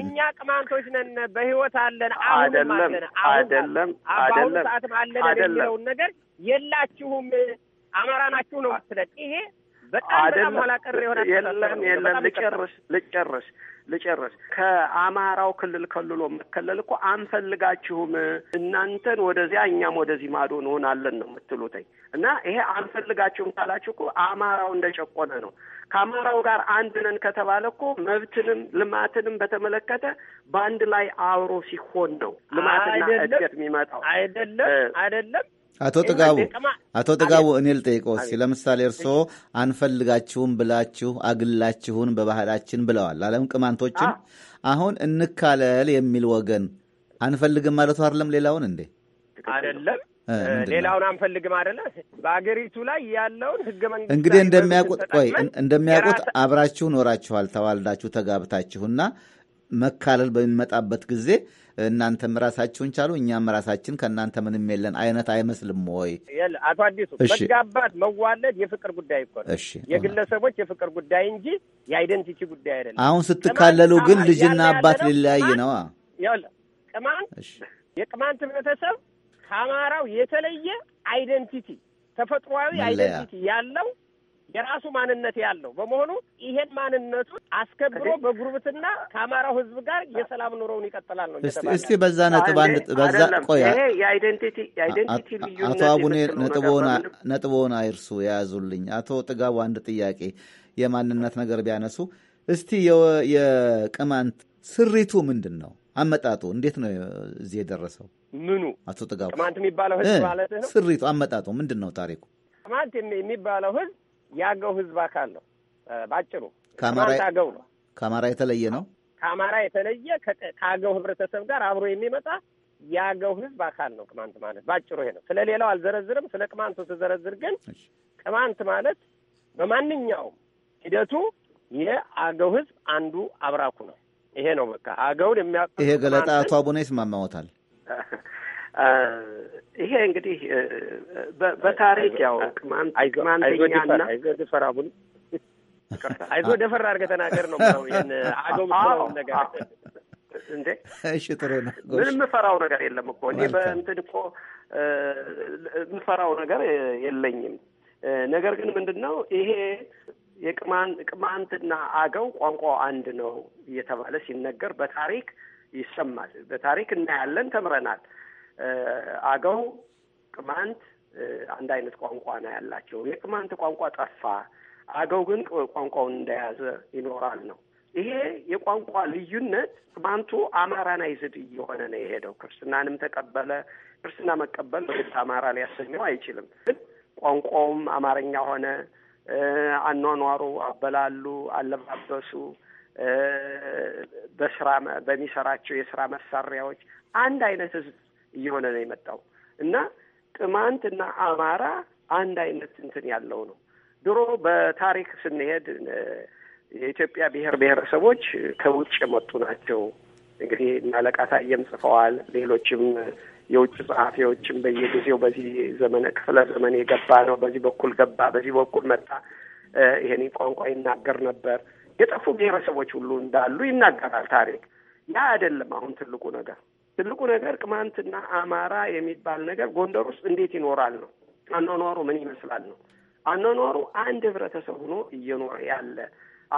እኛ ቅማንቶች ነን፣ በህይወት አለን፣ አሁንም አለን፣ አደለም በአሁኑ ሰዓትም አለን የሚለውን ነገር የላችሁም፣ አማራ ናችሁ ነው ምትለን። ይሄ በጣም በጣም ኋላ የሆነ የለም። የለም ልጨርስ ልጨርስ ልጨርስ። ከአማራው ክልል ከልሎ መከለል እኮ አንፈልጋችሁም፣ እናንተን ወደዚያ እኛም ወደዚህ ማዶ እንሆናለን ነው የምትሉትኝ። እና ይሄ አንፈልጋችሁም ካላችሁ እኮ አማራው እንደጨቆነ ነው። ከአማራው ጋር አንድ ነን ከተባለ እኮ መብትንም ልማትንም በተመለከተ በአንድ ላይ አብሮ ሲሆን ነው ልማትና እድገት የሚመጣው አይደለም አይደለም አቶ ጥጋቡ አቶ ጥጋቡ እኔ ልጠይቀውስ ለምሳሌ እርስዎ አንፈልጋችሁም ብላችሁ አግላችሁን በባህላችን ብለዋል አለም ቅማንቶችን አሁን እንካለል የሚል ወገን አንፈልግም ማለቱ አይደለም ሌላውን እንዴ አይደለም ሌላውን አንፈልግም አይደለ? በአገሪቱ ላይ ያለውን ህገ መንግስት እንግዲህ እንደሚያውቁት ቆይ እንደሚያውቁት አብራችሁ ኖራችኋል፣ ተዋልዳችሁ ተጋብታችሁና መካለል በሚመጣበት ጊዜ እናንተም ራሳችሁን ቻሉ፣ እኛም ራሳችን ከእናንተ ምንም የለን አይነት አይመስልም ወይ? አቶ አዲሱ መጋባት መዋለድ የፍቅር ጉዳይ እኮ ነው። የግለሰቦች የፍቅር ጉዳይ እንጂ የአይደንቲቲ ጉዳይ አይደለም። አሁን ስትካለሉ ግን ልጅና አባት ሊለያይ ነው። ቅማንት የቅማንት ህብረተሰብ ከአማራው የተለየ አይደንቲቲ ተፈጥሯዊ አይደንቲቲ ያለው የራሱ ማንነት ያለው በመሆኑ ይሄን ማንነቱን አስከብሮ በጉርብትና ከአማራው ህዝብ ጋር የሰላም ኑሮውን ይቀጥላል ነው። እስቲ በዛ ነጥብ አንድ በዛ ቆይ፣ አቶ አቡኔ ነጥቦን አይርሱ የያዙልኝ። አቶ ጥጋቡ አንድ ጥያቄ የማንነት ነገር ቢያነሱ እስቲ የቅማንት ስሪቱ ምንድን ነው? አመጣጡ እንዴት ነው እዚህ የደረሰው? ምኑ አቶ ጥጋቡ ቅማንት የሚባለው ህዝብ ማለት ነው። ስሪቱ አመጣጡ ምንድን ነው? ታሪኩ ቅማንት የሚባለው ህዝብ የአገው ህዝብ አካል ነው። ባጭሩ አገው ነው። ከአማራ የተለየ ነው። ከአማራ የተለየ ከአገው ህብረተሰብ ጋር አብሮ የሚመጣ የአገው ህዝብ አካል ነው ቅማንት ማለት ባጭሩ ይሄ ነው። ስለ ሌላው አልዘረዝርም። ስለ ቅማንቱ ስዘረዝር ግን ቅማንት ማለት በማንኛውም ሂደቱ የአገው ህዝብ አንዱ አብራኩ ነው። ይሄ ነው በቃ አገውን የሚያ ይሄ ገለጣ አቶ አቡነ ይስማማዎታል? ይሄ እንግዲህ በታሪክ ያው ቅማንተኛና አይዞ ደፈር አድርገህ ተናገር ነው ይህን አገው ምትለውን ነገር እንዴ? እሺ ጥሩ ነው። ምን የምፈራው ነገር የለም እኮ እኔ በእንትን እኮ የምፈራው ነገር የለኝም። ነገር ግን ምንድን ነው ይሄ የቅማንትና አገው ቋንቋ አንድ ነው እየተባለ ሲነገር በታሪክ ይሰማል። በታሪክ እናያለን፣ ተምረናል። አገው፣ ቅማንት አንድ አይነት ቋንቋ ነው ያላቸው። የቅማንት ቋንቋ ጠፋ፣ አገው ግን ቋንቋውን እንደያዘ ይኖራል ነው። ይሄ የቋንቋ ልዩነት ቅማንቱ አማራናይዝድ እየሆነ ነው የሄደው። ክርስትናንም ተቀበለ። ክርስትና መቀበል በግድ አማራ ሊያሰኘው አይችልም። ግን ቋንቋውም አማርኛ ሆነ። አኗኗሩ፣ አበላሉ፣ አለባበሱ፣ በስራ በሚሰራቸው የስራ መሳሪያዎች አንድ አይነት ህዝብ እየሆነ ነው የመጣው እና እና አማራ አንድ አይነት እንትን ያለው ነው። ድሮ በታሪክ ስንሄድ የኢትዮጵያ ብሔር ብሔረሰቦች ከውጭ የመጡ ናቸው። እንግዲህ አለቃ ታዬም ጽፈዋል። ሌሎችም የውጭ ጸሐፊዎችም በየጊዜው በዚህ ዘመነ ክፍለ ዘመን የገባ ነው፣ በዚህ በኩል ገባ፣ በዚህ በኩል መጣ፣ ይሄን ቋንቋ ይናገር ነበር፣ የጠፉ ብሔረሰቦች ሁሉ እንዳሉ ይናገራል ታሪክ። ያ አይደለም አሁን ትልቁ ነገር። ትልቁ ነገር ቅማንትና አማራ የሚባል ነገር ጎንደር ውስጥ እንዴት ይኖራል ነው። አኗኗሩ ምን ይመስላል ነው። አኗኗሩ አንድ ህብረተሰብ ሆኖ እየኖረ ያለ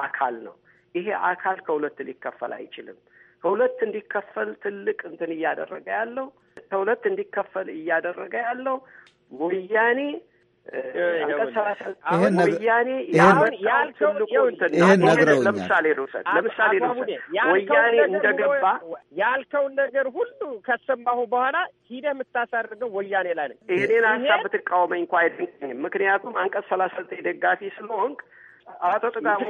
አካል ነው። ይሄ አካል ከሁለት ሊከፈል አይችልም። ከሁለት እንዲከፈል ትልቅ እንትን እያደረገ ያለው ከሁለት እንዲከፈል እያደረገ ያለው ወያኔ ይሄን ነግረውኛል። ለምሳሌ ወያኔ እንደገባ ያልከውን ነገር ሁሉ ከሰማሁ በኋላ ሂደ የምታሳርገው ወያኔ ላይ ነው። ይሄንን ሀሳብ ብትቃወመኝ እንኳ አይደንቀኝም። ምክንያቱም አንቀጽ ሰላሳ ዘጠኝ ደጋፊ ስለሆንክ አቶ ጥጋቡ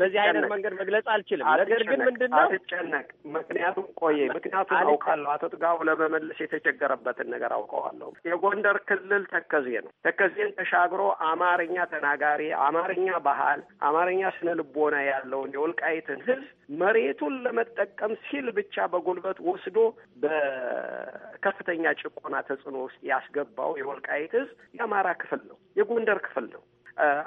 በዚህ አይነት መንገድ መግለጽ አልችልም። ነገር ግን ምንድን ነው አትጨነቅ። ምክንያቱም ቆየ ምክንያቱም አውቃለሁ። አቶ ጥቃሙ ለመመለስ የተቸገረበትን ነገር አውቀዋለሁ። የጎንደር ክልል ተከዜ ነው። ተከዜን ተሻግሮ አማርኛ ተናጋሪ አማርኛ ባህል፣ አማርኛ ስነ ልቦና ያለውን የወልቃይትን ህዝብ መሬቱን ለመጠቀም ሲል ብቻ በጉልበት ወስዶ በከፍተኛ ጭቆና ተጽዕኖ ውስጥ ያስገባው የወልቃይት ህዝብ የአማራ ክፍል ነው፣ የጎንደር ክፍል ነው።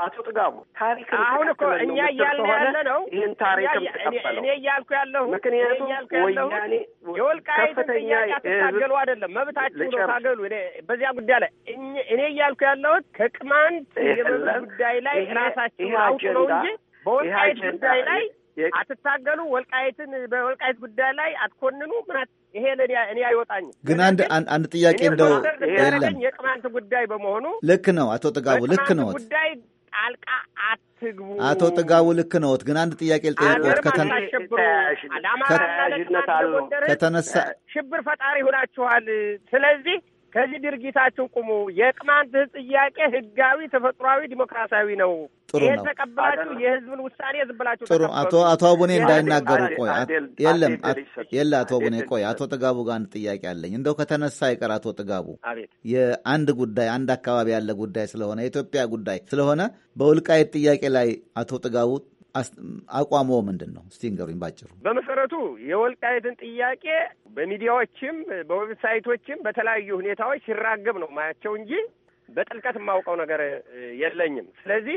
አቶ ጥጋቡ ታሪክ አሁን እኮ እኛ እያልን ያለ ነው። ይህን ታሪክም ተቀበለው። እኔ እያልኩ ያለሁ ምክንያቱ ወያኔ የወልቃይትን ጥያቄ ታገሉ አይደለም፣ መብታችሁ ነው ታገሉ። በዚያ ጉዳይ ላይ እኔ እያልኩ ያለሁት ከቅማንት የመብት ጉዳይ ላይ ራሳችሁ አውጡ ነው እንጂ በወልቃይት ጉዳይ ላይ አትታገሉ፣ ወልቃይትን በወልቃይት ጉዳይ ላይ አትኮንኑ፣ ምን ይሄ እኔ አይወጣኝ። ግን አንድ አንድ ጥያቄ እንደው የለም የቅማንት ጉዳይ በመሆኑ ልክ ነው አቶ ጥጋቡ ልክ ነዎት። ጉዳይ ጣልቃ አትግቡ አቶ ጥጋቡ ልክ ነዎት። ግን አንድ ጥያቄ ልጠይቅዎት ከተነሳ ሽብር ፈጣሪ ሆናችኋል። ስለዚህ ከዚህ ድርጊታችን ቁሙ። የቅማንት ጥያቄ ህጋዊ፣ ተፈጥሯዊ፣ ዲሞክራሲያዊ ነው። ጥሩ ነው። የተቀበላችሁ የህዝብን ውሳኔ ዝም ብላችሁ ጥሩ። አቶ አቶ አቡኔ እንዳይናገሩ ቆይ። የለም የለ አቶ አቡኔ ቆይ። አቶ ጥጋቡ ጋር አንድ ጥያቄ አለኝ። እንደው ከተነሳ ይቀር አቶ ጥጋቡ የአንድ ጉዳይ አንድ አካባቢ ያለ ጉዳይ ስለሆነ የኢትዮጵያ ጉዳይ ስለሆነ በውልቃይት ጥያቄ ላይ አቶ ጥጋቡ አቋሞ ምንድን ነው? እስቲ ንገሩኝ ባጭሩ። በመሰረቱ የወልቃይትን ጥያቄ በሚዲያዎችም በዌብሳይቶችም በተለያዩ ሁኔታዎች ሲራገብ ነው ማያቸው እንጂ በጥልቀት የማውቀው ነገር የለኝም። ስለዚህ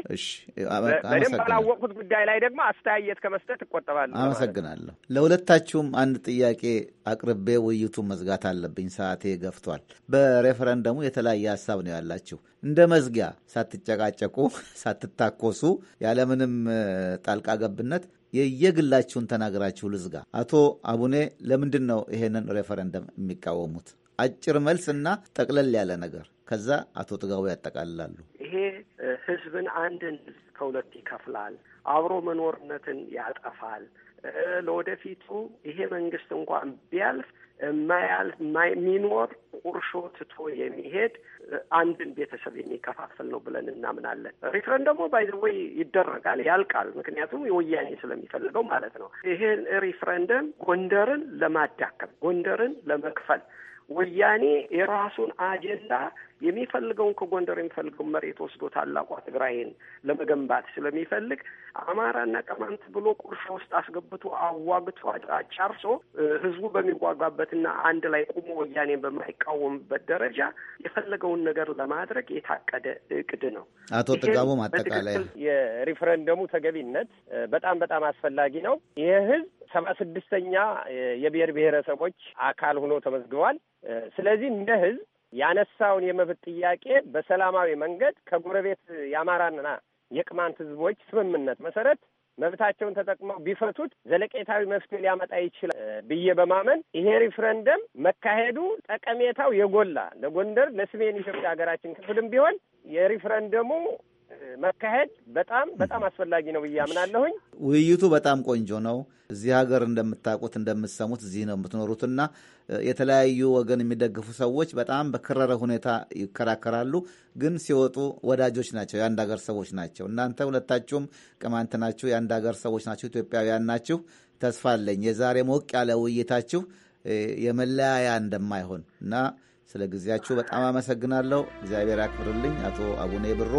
በደንብ ባላወቅኩት ጉዳይ ላይ ደግሞ አስተያየት ከመስጠት እቆጠባለሁ። አመሰግናለሁ። ለሁለታችሁም አንድ ጥያቄ አቅርቤ ውይይቱ መዝጋት አለብኝ፣ ሰዓቴ ገፍቷል። በሬፈረንደሙ የተለያየ ሀሳብ ነው ያላችሁ። እንደ መዝጊያ ሳትጨቃጨቁ፣ ሳትታኮሱ፣ ያለምንም ጣልቃ ገብነት የየግላችሁን ተናግራችሁ ልዝጋ። አቶ አቡኔ ለምንድን ነው ይሄንን ሬፈረንደም የሚቃወሙት? አጭር መልስ እና ጠቅለል ያለ ነገር ከዛ አቶ ጥጋቡ ያጠቃልላሉ። ይሄ ህዝብን አንድን ህዝብ ከሁለት ይከፍላል፣ አብሮ መኖርነትን ያጠፋል። ለወደፊቱ ይሄ መንግስት እንኳን ቢያልፍ የማያልፍ የሚኖር ቁርሾ ትቶ የሚሄድ አንድን ቤተሰብ የሚከፋፍል ነው ብለን እናምናለን። ሪፍረንደሙ ባይዘወይ ይደረጋል፣ ያልቃል። ምክንያቱም የወያኔ ስለሚፈልገው ማለት ነው። ይሄን ሪፍረንደም ጎንደርን ለማዳከም ጎንደርን ለመክፈል ወያኔ የራሱን አጀንዳ የሚፈልገውን ከጎንደር የሚፈልገውን መሬት ወስዶ ታላቋ ትግራይን ለመገንባት ስለሚፈልግ አማራና ቀማንት ብሎ ቁርሾ ውስጥ አስገብቶ አዋግቶ አጫርሶ ህዝቡ በሚዋጋበትና አንድ ላይ ቁሞ ወያኔን በማይቃወምበት ደረጃ የፈለገውን ነገር ለማድረግ የታቀደ እቅድ ነው። አቶ ጥጋቡ ማጠቃለያ የሪፍረንደሙ ተገቢነት በጣም በጣም አስፈላጊ ነው። ይህ ህዝብ ሰባ ስድስተኛ የብሔር ብሔረሰቦች አካል ሆኖ ተመዝግቧል። ስለዚህ እንደ ህዝብ ያነሳውን የመብት ጥያቄ በሰላማዊ መንገድ ከጎረቤት የአማራና የቅማንት ህዝቦች ስምምነት መሰረት መብታቸውን ተጠቅመው ቢፈቱት ዘለቄታዊ መፍትሄ ሊያመጣ ይችላል ብዬ በማመን ይሄ ሪፍረንደም መካሄዱ ጠቀሜታው የጎላ ለጎንደር፣ ለሰሜን ኢትዮጵያ ሀገራችን ክፍልም ቢሆን የሪፍረንደሙ መካሄድ በጣም በጣም አስፈላጊ ነው ብዬ አምናለሁኝ። ውይይቱ በጣም ቆንጆ ነው። እዚህ ሀገር እንደምታውቁት እንደምትሰሙት እዚህ ነው የምትኖሩትና የተለያዩ ወገን የሚደግፉ ሰዎች በጣም በከረረ ሁኔታ ይከራከራሉ፣ ግን ሲወጡ ወዳጆች ናቸው፣ የአንድ ሀገር ሰዎች ናቸው። እናንተ ሁለታችሁም ቅማንት ናችሁ፣ የአንድ ሀገር ሰዎች ናችሁ፣ ኢትዮጵያውያን ናችሁ። ተስፋ አለኝ የዛሬ ሞቅ ያለ ውይይታችሁ የመለያያ እንደማይሆን እና ስለ ጊዜያችሁ በጣም አመሰግናለሁ። እግዚአብሔር ያክብርልኝ። አቶ አቡኔ ብሩ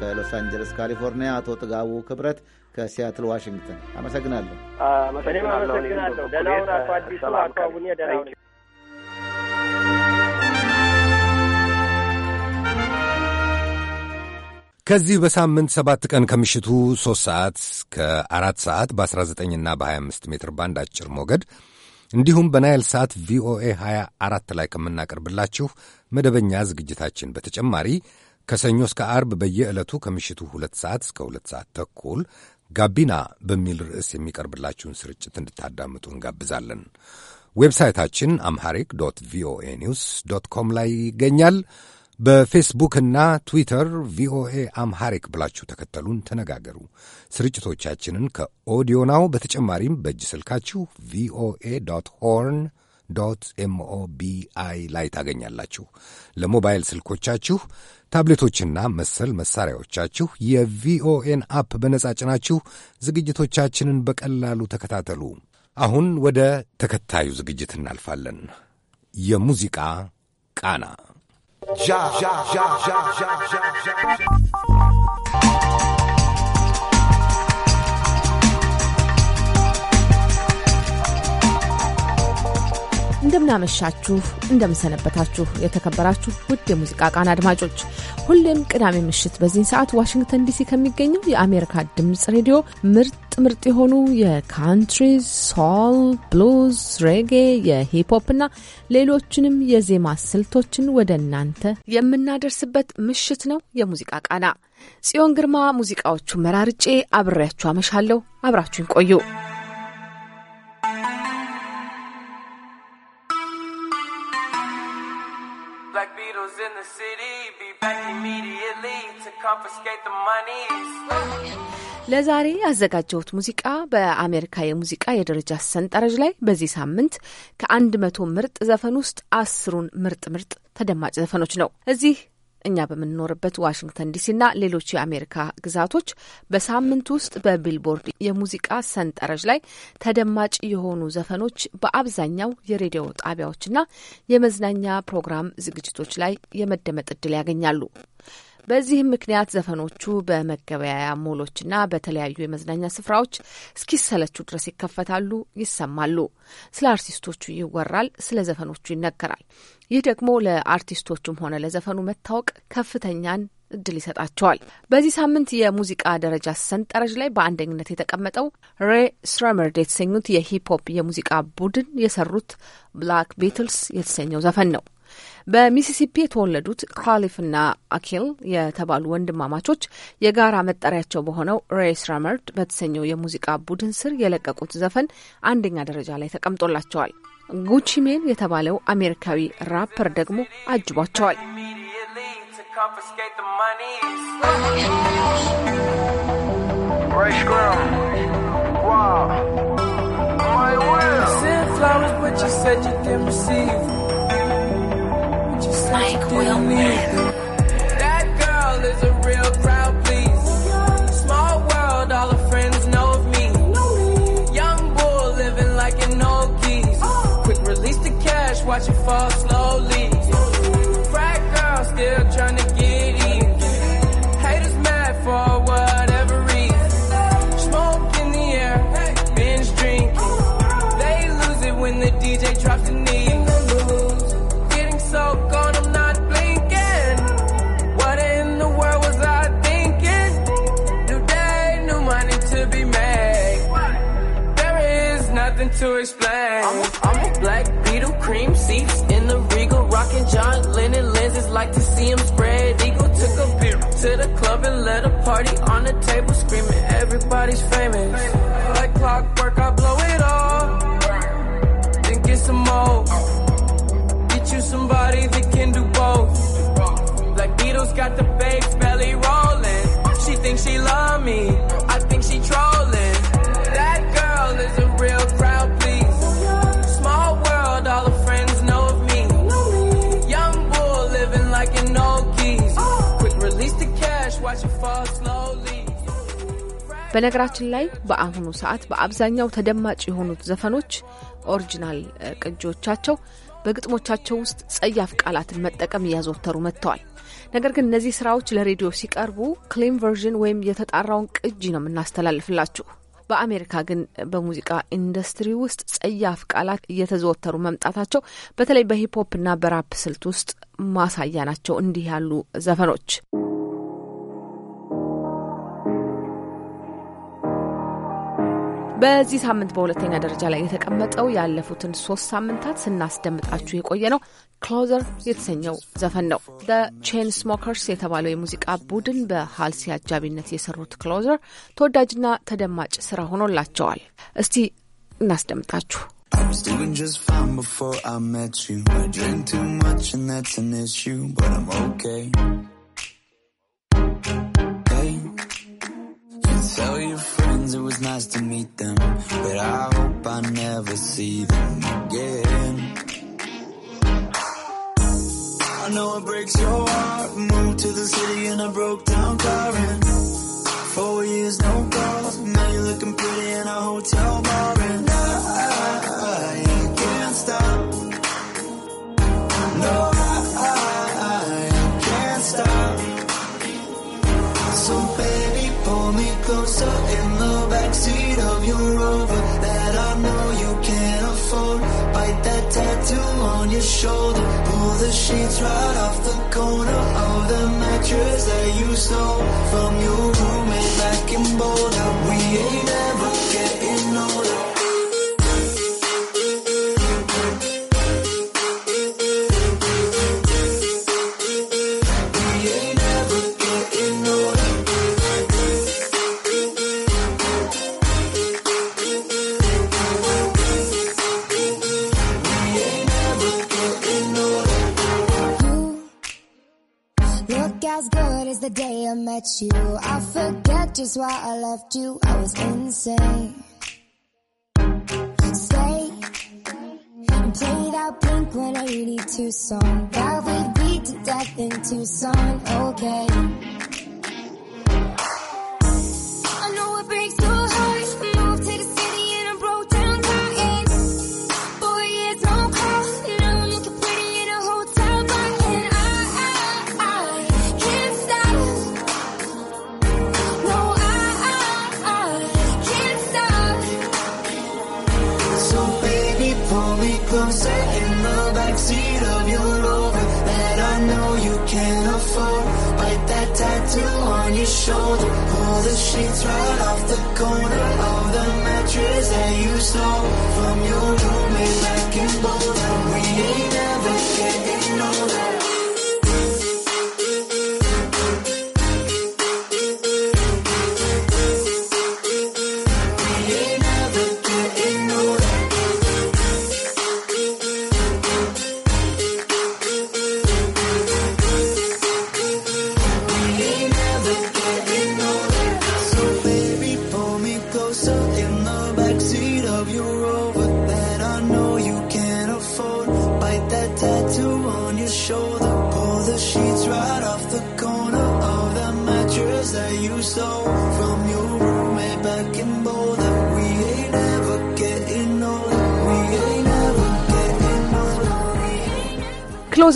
ከሎስ አንጀለስ ካሊፎርኒያ፣ አቶ ጥጋቡ ክብረት ከሲያትል ዋሽንግተን አመሰግናለሁ። ከዚህ በሳምንት ሰባት ቀን ከምሽቱ 3 ሰዓት ከ4 ሰዓት በ 19 እና በ25 ሜትር ባንድ አጭር ሞገድ እንዲሁም በናይል ሳት ቪኦኤ 24 ላይ ከምናቀርብላችሁ መደበኛ ዝግጅታችን በተጨማሪ ከሰኞ እስከ አርብ በየዕለቱ ከምሽቱ 2 ሰዓት እስከ 2 ሰዓት ተኩል ጋቢና በሚል ርዕስ የሚቀርብላችሁን ስርጭት እንድታዳምጡ እንጋብዛለን። ዌብሳይታችን አምሐሪክ ዶት ቪኦኤ ኒውስ ዶት ኮም ላይ ይገኛል። በፌስቡክና ትዊተር ቪኦኤ አምሃሪክ ብላችሁ ተከተሉን፣ ተነጋገሩ። ስርጭቶቻችንን ከኦዲዮ ናው በተጨማሪም በእጅ ስልካችሁ ቪኦኤ ዶት ሆርን ዶት ኤምኦቢአይ ላይ ታገኛላችሁ። ለሞባይል ስልኮቻችሁ ታብሌቶችና መሰል መሳሪያዎቻችሁ የቪኦኤን አፕ በነጻ ጭናችሁ ዝግጅቶቻችንን በቀላሉ ተከታተሉ። አሁን ወደ ተከታዩ ዝግጅት እናልፋለን። የሙዚቃ ቃና já, já, já, já, já, já, já. እንደምናመሻችሁ እንደምንሰነበታችሁ የተከበራችሁ ውድ የሙዚቃ ቃና አድማጮች ሁሌም ቅዳሜ ምሽት በዚህን ሰዓት ዋሽንግተን ዲሲ ከሚገኘው የአሜሪካ ድምፅ ሬዲዮ ምርጥ ምርጥ የሆኑ የካንትሪ፣ ሶል፣ ብሉዝ፣ ሬጌ፣ የሂፕሆፕ እና ሌሎችንም የዜማ ስልቶችን ወደ እናንተ የምናደርስበት ምሽት ነው። የሙዚቃ ቃና ጽዮን ግርማ ሙዚቃዎቹ መራርጬ አብሬያችሁ አመሻለሁ። አብራችሁን ቆዩ። Black Beatles in the city ለዛሬ ያዘጋጀሁት ሙዚቃ በአሜሪካ የሙዚቃ የደረጃ ሰንጠረዥ ላይ በዚህ ሳምንት ከአንድ መቶ ምርጥ ዘፈን ውስጥ አስሩን ምርጥ ምርጥ ተደማጭ ዘፈኖች ነው። እዚህ እኛ በምንኖርበት ዋሽንግተን ዲሲና ሌሎች የአሜሪካ ግዛቶች በሳምንት ውስጥ በቢልቦርድ የሙዚቃ ሰንጠረዥ ላይ ተደማጭ የሆኑ ዘፈኖች በአብዛኛው የሬዲዮ ጣቢያዎችና የመዝናኛ ፕሮግራም ዝግጅቶች ላይ የመደመጥ እድል ያገኛሉ። በዚህም ምክንያት ዘፈኖቹ በመገበያያ ሞሎችና በተለያዩ የመዝናኛ ስፍራዎች እስኪሰለቹ ድረስ ይከፈታሉ፣ ይሰማሉ። ስለ አርቲስቶቹ ይወራል፣ ስለ ዘፈኖቹ ይነገራል። ይህ ደግሞ ለአርቲስቶቹም ሆነ ለዘፈኑ መታወቅ ከፍተኛን እድል ይሰጣቸዋል። በዚህ ሳምንት የሙዚቃ ደረጃ ሰንጠረዥ ላይ በአንደኝነት የተቀመጠው ሬ ስረመርድ የተሰኙት የሂፕሆፕ የሙዚቃ ቡድን የሰሩት ብላክ ቢትልስ የተሰኘው ዘፈን ነው። በሚሲሲፒ የተወለዱት ካሊፍና አኪል የተባሉ ወንድማማቾች የጋራ መጠሪያቸው በሆነው ሬስ ራመርድ በተሰኘው የሙዚቃ ቡድን ስር የለቀቁት ዘፈን አንደኛ ደረጃ ላይ ተቀምጦላቸዋል። ጉቺሜን የተባለው አሜሪካዊ ራፐር ደግሞ አጅቧቸዋል። confiscate Wow. My will. You flowers, but you said you didn't receive. make, we'll make. see him spread eagle. Took a beer to the club and let a party on the table, screaming, everybody's famous. Like clockwork, I blow it all. Then get some more. Get you somebody that can do both. Like Beatles got the bass belly rolling. She thinks she love me. I በነገራችን ላይ በአሁኑ ሰዓት በአብዛኛው ተደማጭ የሆኑት ዘፈኖች ኦሪጂናል ቅጂዎቻቸው በግጥሞቻቸው ውስጥ ጸያፍ ቃላትን መጠቀም እያዘወተሩ መጥተዋል። ነገር ግን እነዚህ ስራዎች ለሬዲዮ ሲቀርቡ ክሊን ቨርዥን ወይም የተጣራውን ቅጂ ነው የምናስተላልፍላችሁ። በአሜሪካ ግን በሙዚቃ ኢንዱስትሪ ውስጥ ጸያፍ ቃላት እየተዘወተሩ መምጣታቸው በተለይ በሂፕሆፕና በራፕ ስልት ውስጥ ማሳያ ናቸው እንዲህ ያሉ ዘፈኖች። በዚህ ሳምንት በሁለተኛ ደረጃ ላይ የተቀመጠው ያለፉትን ሶስት ሳምንታት ስናስደምጣችሁ የቆየ ነው ክሎዘር የተሰኘው ዘፈን ነው። ደ ቼን ስሞከርስ የተባለው የሙዚቃ ቡድን በሃልሲ አጃቢነት የሰሩት ክሎዘር ተወዳጅና ተደማጭ ስራ ሆኖላቸዋል። እስቲ እናስደምጣችሁ። I was doing just fine before I met you. I drink too much and that's an issue, but I'm okay. Hey, you tell your friends, it was nice to meet them, but I hope I never see them again. I know it breaks your heart. Moved to the city in a broke down car and four years no calls. Now you're looking pretty in a hotel bar and your shoulder. Pull the sheets right off the corner of the mattress that you stole from your roommate back in Boulder. We ain't ever getting older. back as good as the day I met you. I forget just why I left you. I was insane. Stay and play that Pink 182 song that we beat to death in Tucson. Okay. shoulder Pull the sheets right off the corner Of the mattress that you stole From your roommate back in Boulder We ain't ever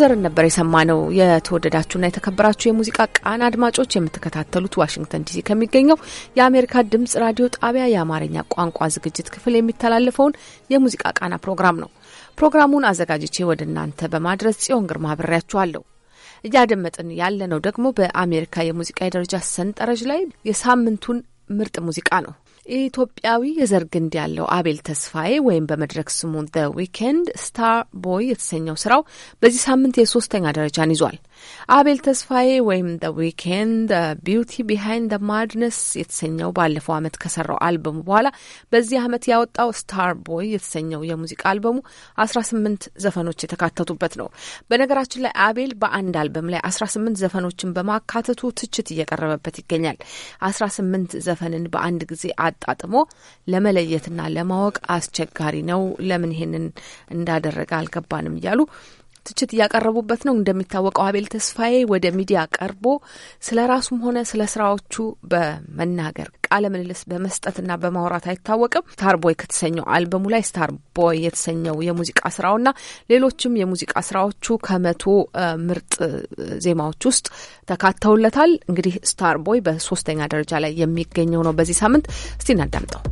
ማዘርን ነበር የሰማነው። የተወደዳችሁና የተከበራችሁ የሙዚቃ ቃና አድማጮች የምትከታተሉት ዋሽንግተን ዲሲ ከሚገኘው የአሜሪካ ድምጽ ራዲዮ ጣቢያ የአማርኛ ቋንቋ ዝግጅት ክፍል የሚተላለፈውን የሙዚቃ ቃና ፕሮግራም ነው። ፕሮግራሙን አዘጋጅቼ ወደ እናንተ በማድረስ ጽዮን ግርማ አብሬያችኋለሁ። እያደመጥን ያለነው ደግሞ በአሜሪካ የሙዚቃ የደረጃ ሰንጠረዥ ላይ የሳምንቱን ምርጥ ሙዚቃ ነው። የኢትዮጵያዊ የዘር ግንድ ያለው አቤል ተስፋዬ ወይም በመድረክ ስሙ ዘ ዊኬንድ ስታር ቦይ የተሰኘው ስራው በዚህ ሳምንት የሶስተኛ ደረጃን ይዟል። አቤል ተስፋዬ ወይም ደ ዊኬንድ ቢውቲ ቢሃይንድ ደ ማድነስ የተሰኘው ባለፈው ዓመት ከሰራው አልበሙ በኋላ በዚህ ዓመት ያወጣው ስታር ቦይ የተሰኘው የሙዚቃ አልበሙ አስራ ስምንት ዘፈኖች የተካተቱበት ነው። በነገራችን ላይ አቤል በአንድ አልበም ላይ አስራ ስምንት ዘፈኖችን በማካተቱ ትችት እየቀረበበት ይገኛል። አስራ ስምንት ዘፈንን በአንድ ጊዜ አጣጥሞ ለመለየትና ለማወቅ አስቸጋሪ ነው። ለምን ይሄንን እንዳደረገ አልገባንም እያሉ ትችት እያቀረቡበት ነው። እንደሚታወቀው አቤል ተስፋዬ ወደ ሚዲያ ቀርቦ ስለ ራሱም ሆነ ስለ ስራዎቹ በመናገር ቃለ ምልልስ በመስጠትና በማውራት አይታወቅም። ስታርቦይ ከተሰኘው አልበሙ ላይ ስታርቦይ የተሰኘው የሙዚቃ ስራውና ሌሎችም የሙዚቃ ስራዎቹ ከመቶ ምርጥ ዜማዎች ውስጥ ተካተውለታል። እንግዲህ ስታርቦይ በሶስተኛ ደረጃ ላይ የሚገኘው ነው በዚህ ሳምንት። እስቲ እናዳምጠው።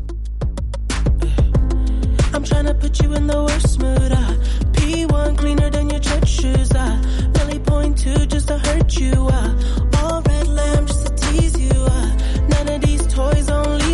run cleaner than your church shoes. I really point to just to hurt you. I all red lamp just to tease you. I none of these toys only.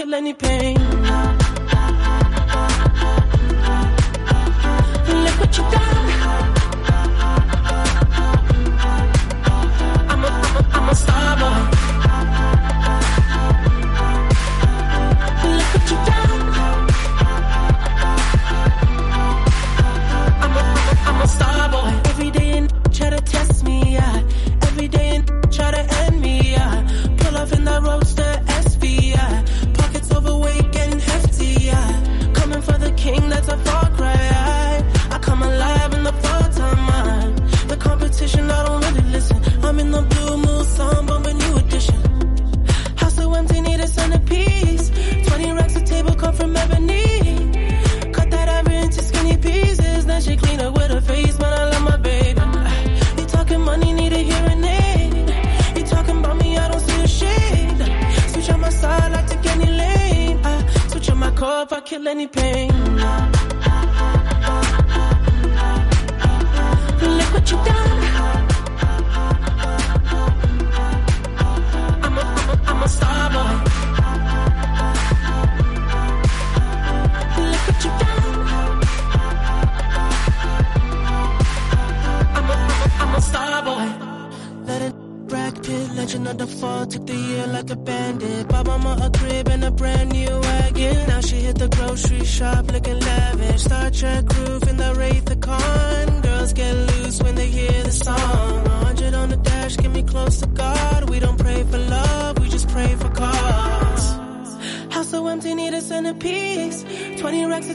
kill any pain.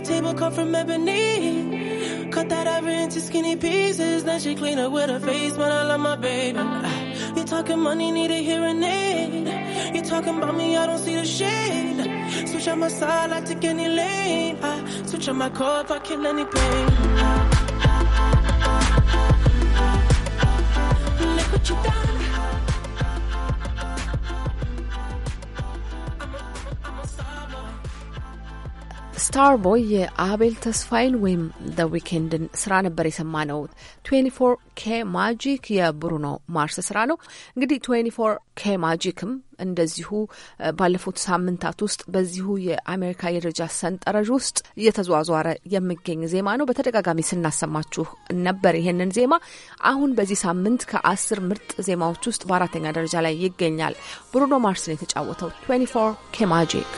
table cut from ebony. Cut that ivory into skinny pieces. Then she clean up with her face, but I love my baby. You talking money, need a hearing aid. You talking about me, I don't see the shade. Switch on my side, I take any lane. I switch on my core if I kill any pain. Look what you done. ስታር ቦይ የአቤል ተስፋይን ወይም ዘ ዊኬንድን ስራ ነበር የሰማ ነው። 24 ኬ ማጂክ የብሩኖ ማርስ ስራ ነው። እንግዲህ 24 ኬ ማጂክም እንደዚሁ ባለፉት ሳምንታት ውስጥ በዚሁ የአሜሪካ የደረጃ ሰንጠረዥ ውስጥ እየተዟዟረ የሚገኝ ዜማ ነው። በተደጋጋሚ ስናሰማችሁ ነበር ይሄንን ዜማ። አሁን በዚህ ሳምንት ከአስር ምርጥ ዜማዎች ውስጥ በአራተኛ ደረጃ ላይ ይገኛል። ብሩኖ ማርስን የተጫወተው 24 ኬ ማጂክ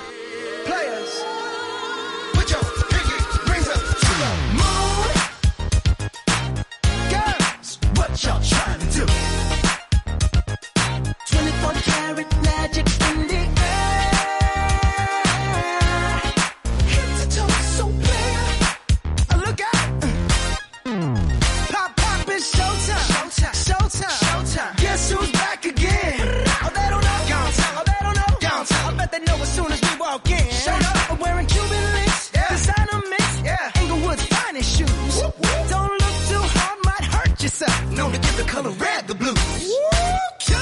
color red, the blues. Woo,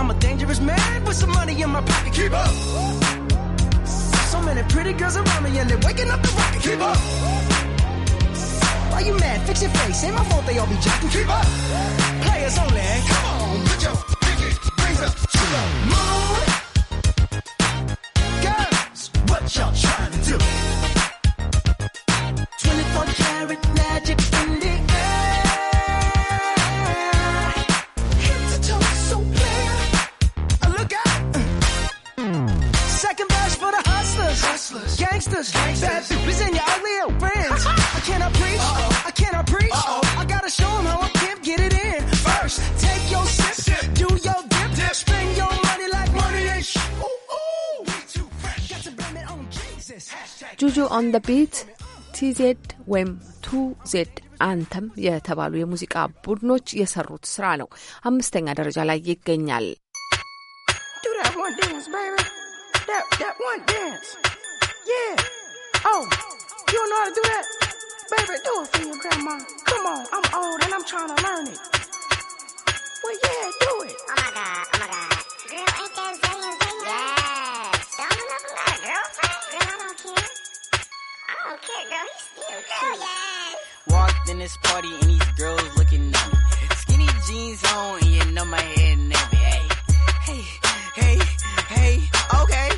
I'm a dangerous man with some money in my pocket. Keep up. So many pretty girls around me and they're waking up the rocket. Keep up. Why you mad? Fix your face. Ain't my fault they all be jacking. Keep up. Players only. ኦን ዘ ቢት ቲዜድ ወይም ቱ ዜድ አንተም የተባሉ የሙዚቃ ቡድኖች የሰሩት ስራ ነው። አምስተኛ ደረጃ ላይ ይገኛል። don't care, girl. He's still oh, real, yeah. Walked in this party and these girls looking at me. Skinny jeans on and you know my head nappy. Hey, hey, hey, hey. Okay,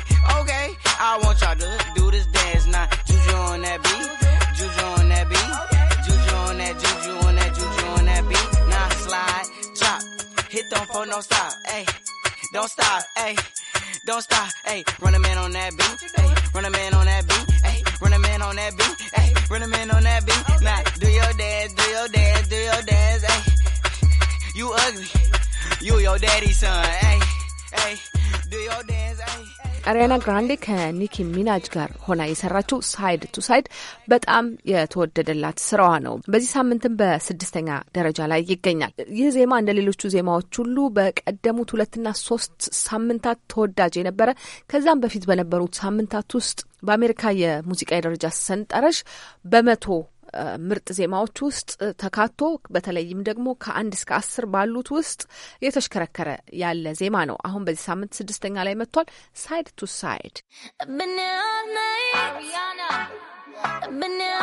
okay. I want y'all to do this dance now. Juju on that beat, Juju on that beat, Juju on that, Juju on that, Juju on that beat. Now slide, drop, hit don't for no stop. Hey, don't stop. Hey, don't stop. Hey, run a man on that beat. Hey, run a man on that beat. Hey, run a man on that beat. Hey, run a man on that beat. Okay. Now, do your dance, do your dance, do your dance. Hey, you ugly. You your daddy's son. Hey, hey, do your dance. Hey. አሪያና ግራንዴ ከኒኪ ሚናጅ ጋር ሆና የሰራችው ሳይድ ቱ ሳይድ በጣም የተወደደላት ስራዋ ነው። በዚህ ሳምንትም በስድስተኛ ደረጃ ላይ ይገኛል። ይህ ዜማ እንደ ሌሎቹ ዜማዎች ሁሉ በቀደሙት ሁለትና ሶስት ሳምንታት ተወዳጅ የነበረ ከዛም በፊት በነበሩት ሳምንታት ውስጥ በአሜሪካ የሙዚቃ የደረጃ ሰንጠረዥ በመቶ ምርጥ ዜማዎች ውስጥ ተካቶ በተለይም ደግሞ ከአንድ እስከ አስር ባሉት ውስጥ እየተሽከረከረ ያለ ዜማ ነው። አሁን በዚህ ሳምንት ስድስተኛ ላይ መጥቷል። ሳይድ ቱ ሳይድ Banana,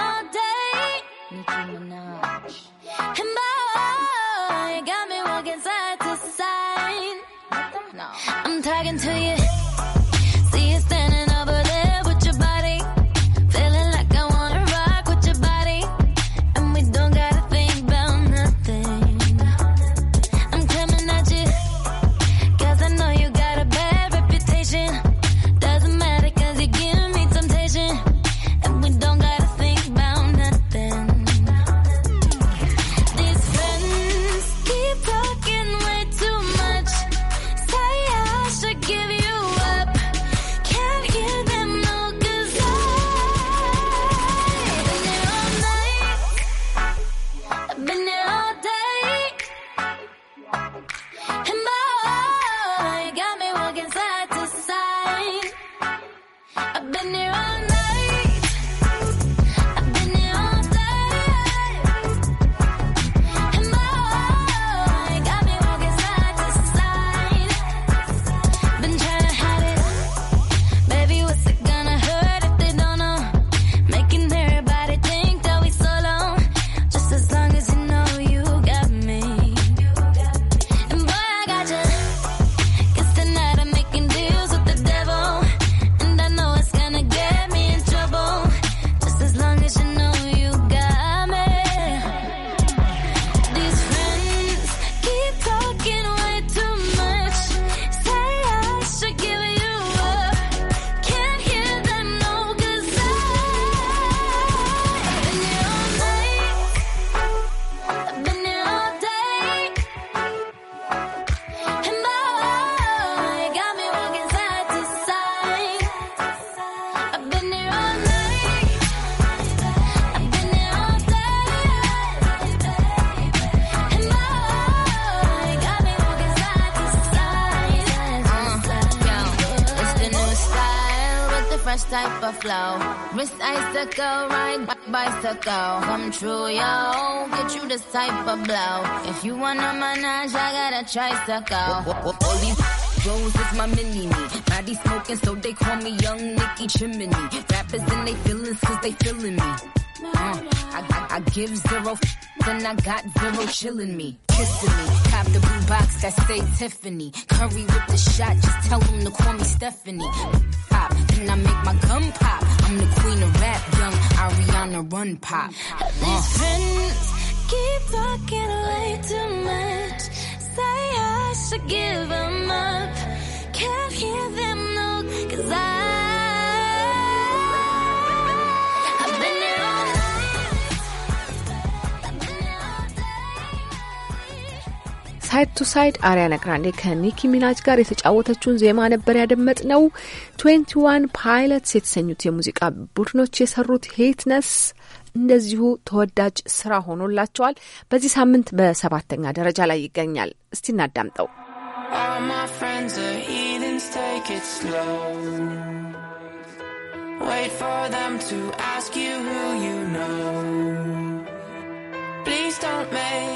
bicycle ride, bicycle come true, yo. Get you this type of blow. If you want a menage, I got a tricycle. All these Rose is my mini me. Body smoking, so they call me Young Nicky Chimney. Rappers and they feelin' cause they feelin' me. Uh, I, I, I give zero f- then I got zero chillin' me, kissin' me. Cop the blue box that say Tiffany. Curry with the shot, just tell them to call me Stephanie. Pop, then I make my gum pop. I'm the queen of rap, young Ariana Run Pop. Uh. These friends keep talking way too much. Say I should give them up. Can't hear them. ሳይድ ቱ ሳይድ አሪያና ግራንዴ ከኒኪ ሚናጅ ጋር የተጫወተችውን ዜማ ነበር ያደመጥ ነው። ትዌንቲ ዋን ፓይለትስ የተሰኙት የሙዚቃ ቡድኖች የሰሩት ሄትነስ እንደዚሁ ተወዳጅ ስራ ሆኖላቸዋል። በዚህ ሳምንት በሰባተኛ ደረጃ ላይ ይገኛል። እስቲ እናዳምጠው። Wait for them to ask you who you know. Please don't make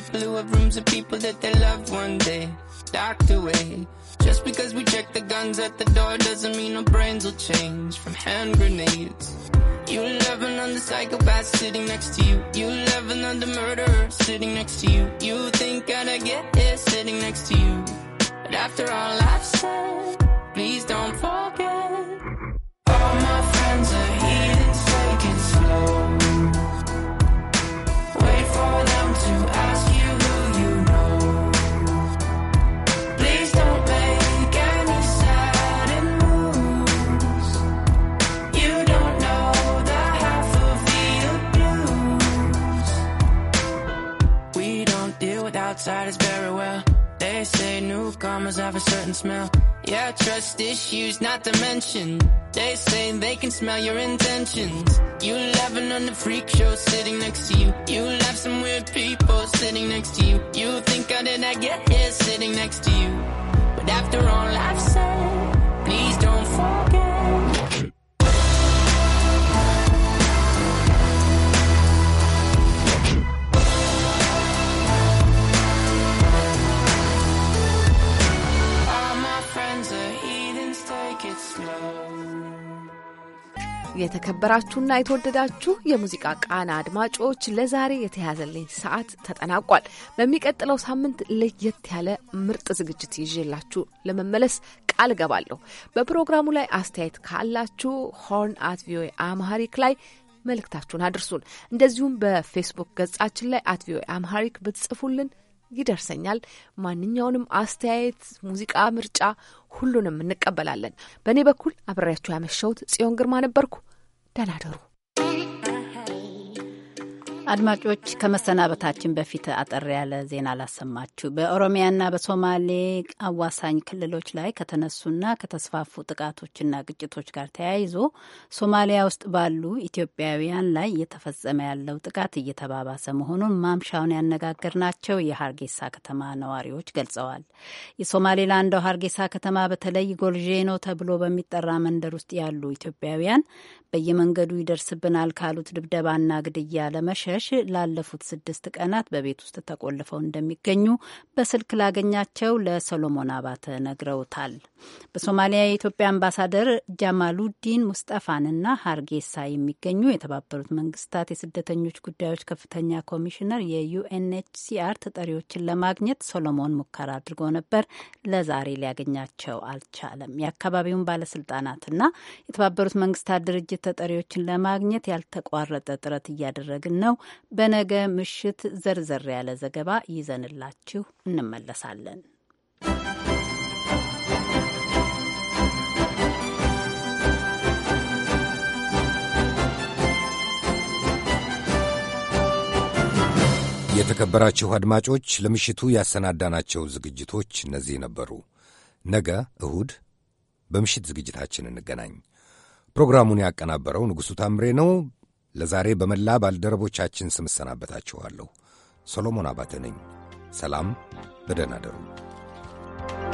people who have rooms of people that they love one day docked away. Just because we check the guns at the door doesn't mean our brains will change from hand grenades. You love another psychopath sitting next to you. You love another murderer sitting next to you. You think I'd get it sitting next to you. But after all I've said, please don't forget. All my friends are heathens, take slow. outside is very well. They say newcomers have a certain smell. Yeah, trust issues not to mention. They say they can smell your intentions. You laughing on the freak show sitting next to you. You laugh some weird people sitting next to you. You think I did not get here sitting next to you? But after all I've said. የተከበራችሁና የተወደዳችሁ የሙዚቃ ቃና አድማጮች ለዛሬ የተያዘልኝ ሰዓት ተጠናቋል። በሚቀጥለው ሳምንት ለየት ያለ ምርጥ ዝግጅት ይዤላችሁ ለመመለስ ቃል ገባለሁ። በፕሮግራሙ ላይ አስተያየት ካላችሁ ሆርን አት ቪኦኤ አምሃሪክ ላይ መልእክታችሁን አድርሱን። እንደዚሁም በፌስቡክ ገጻችን ላይ አት ቪኦኤ አምሃሪክ ብትጽፉልን ይደርሰኛል። ማንኛውንም አስተያየት፣ ሙዚቃ ምርጫ፣ ሁሉንም እንቀበላለን። በእኔ በኩል አብሬያችሁ ያመሸሁት ጽዮን ግርማ ነበርኩ። ደህና ደሩ። አድማጮች ከመሰናበታችን በፊት አጠር ያለ ዜና ላሰማችሁ በኦሮሚያና በሶማሌ አዋሳኝ ክልሎች ላይ ከተነሱና ከተስፋፉ ጥቃቶችና ግጭቶች ጋር ተያይዞ ሶማሊያ ውስጥ ባሉ ኢትዮጵያውያን ላይ እየተፈጸመ ያለው ጥቃት እየተባባሰ መሆኑን ማምሻውን ያነጋገርናቸው የሀርጌሳ ከተማ ነዋሪዎች ገልጸዋል። የሶማሌላንዷ ሀርጌሳ ከተማ በተለይ ጎልዤኖ ተብሎ በሚጠራ መንደር ውስጥ ያሉ ኢትዮጵያውያን በየመንገዱ ይደርስብናል ካሉት ድብደባና ግድያ ለመሸ መሸሽ ላለፉት ስድስት ቀናት በቤት ውስጥ ተቆልፈው እንደሚገኙ በስልክ ላገኛቸው ለሰሎሞን አባተ ነግረውታል። በሶማሊያ የኢትዮጵያ አምባሳደር ጃማሉዲን ሙስጠፋንና ሀርጌሳ የሚገኙ የተባበሩት መንግስታት የስደተኞች ጉዳዮች ከፍተኛ ኮሚሽነር የዩኤንኤችሲአር ተጠሪዎችን ለማግኘት ሶሎሞን ሙከራ አድርጎ ነበር። ለዛሬ ሊያገኛቸው አልቻለም። የአካባቢውን ባለስልጣናትና የተባበሩት መንግስታት ድርጅት ተጠሪዎችን ለማግኘት ያልተቋረጠ ጥረት እያደረግን ነው። በነገ ምሽት ዘርዘር ያለ ዘገባ ይዘንላችሁ እንመለሳለን። የተከበራችሁ አድማጮች ለምሽቱ ያሰናዳናቸው ዝግጅቶች እነዚህ ነበሩ። ነገ እሁድ በምሽት ዝግጅታችን እንገናኝ። ፕሮግራሙን ያቀናበረው ንጉሡ ታምሬ ነው። ለዛሬ በመላ ባልደረቦቻችን ስም እሰናበታችኋለሁ። ሰሎሞን አባተ ነኝ። ሰላም፣ በደህና you.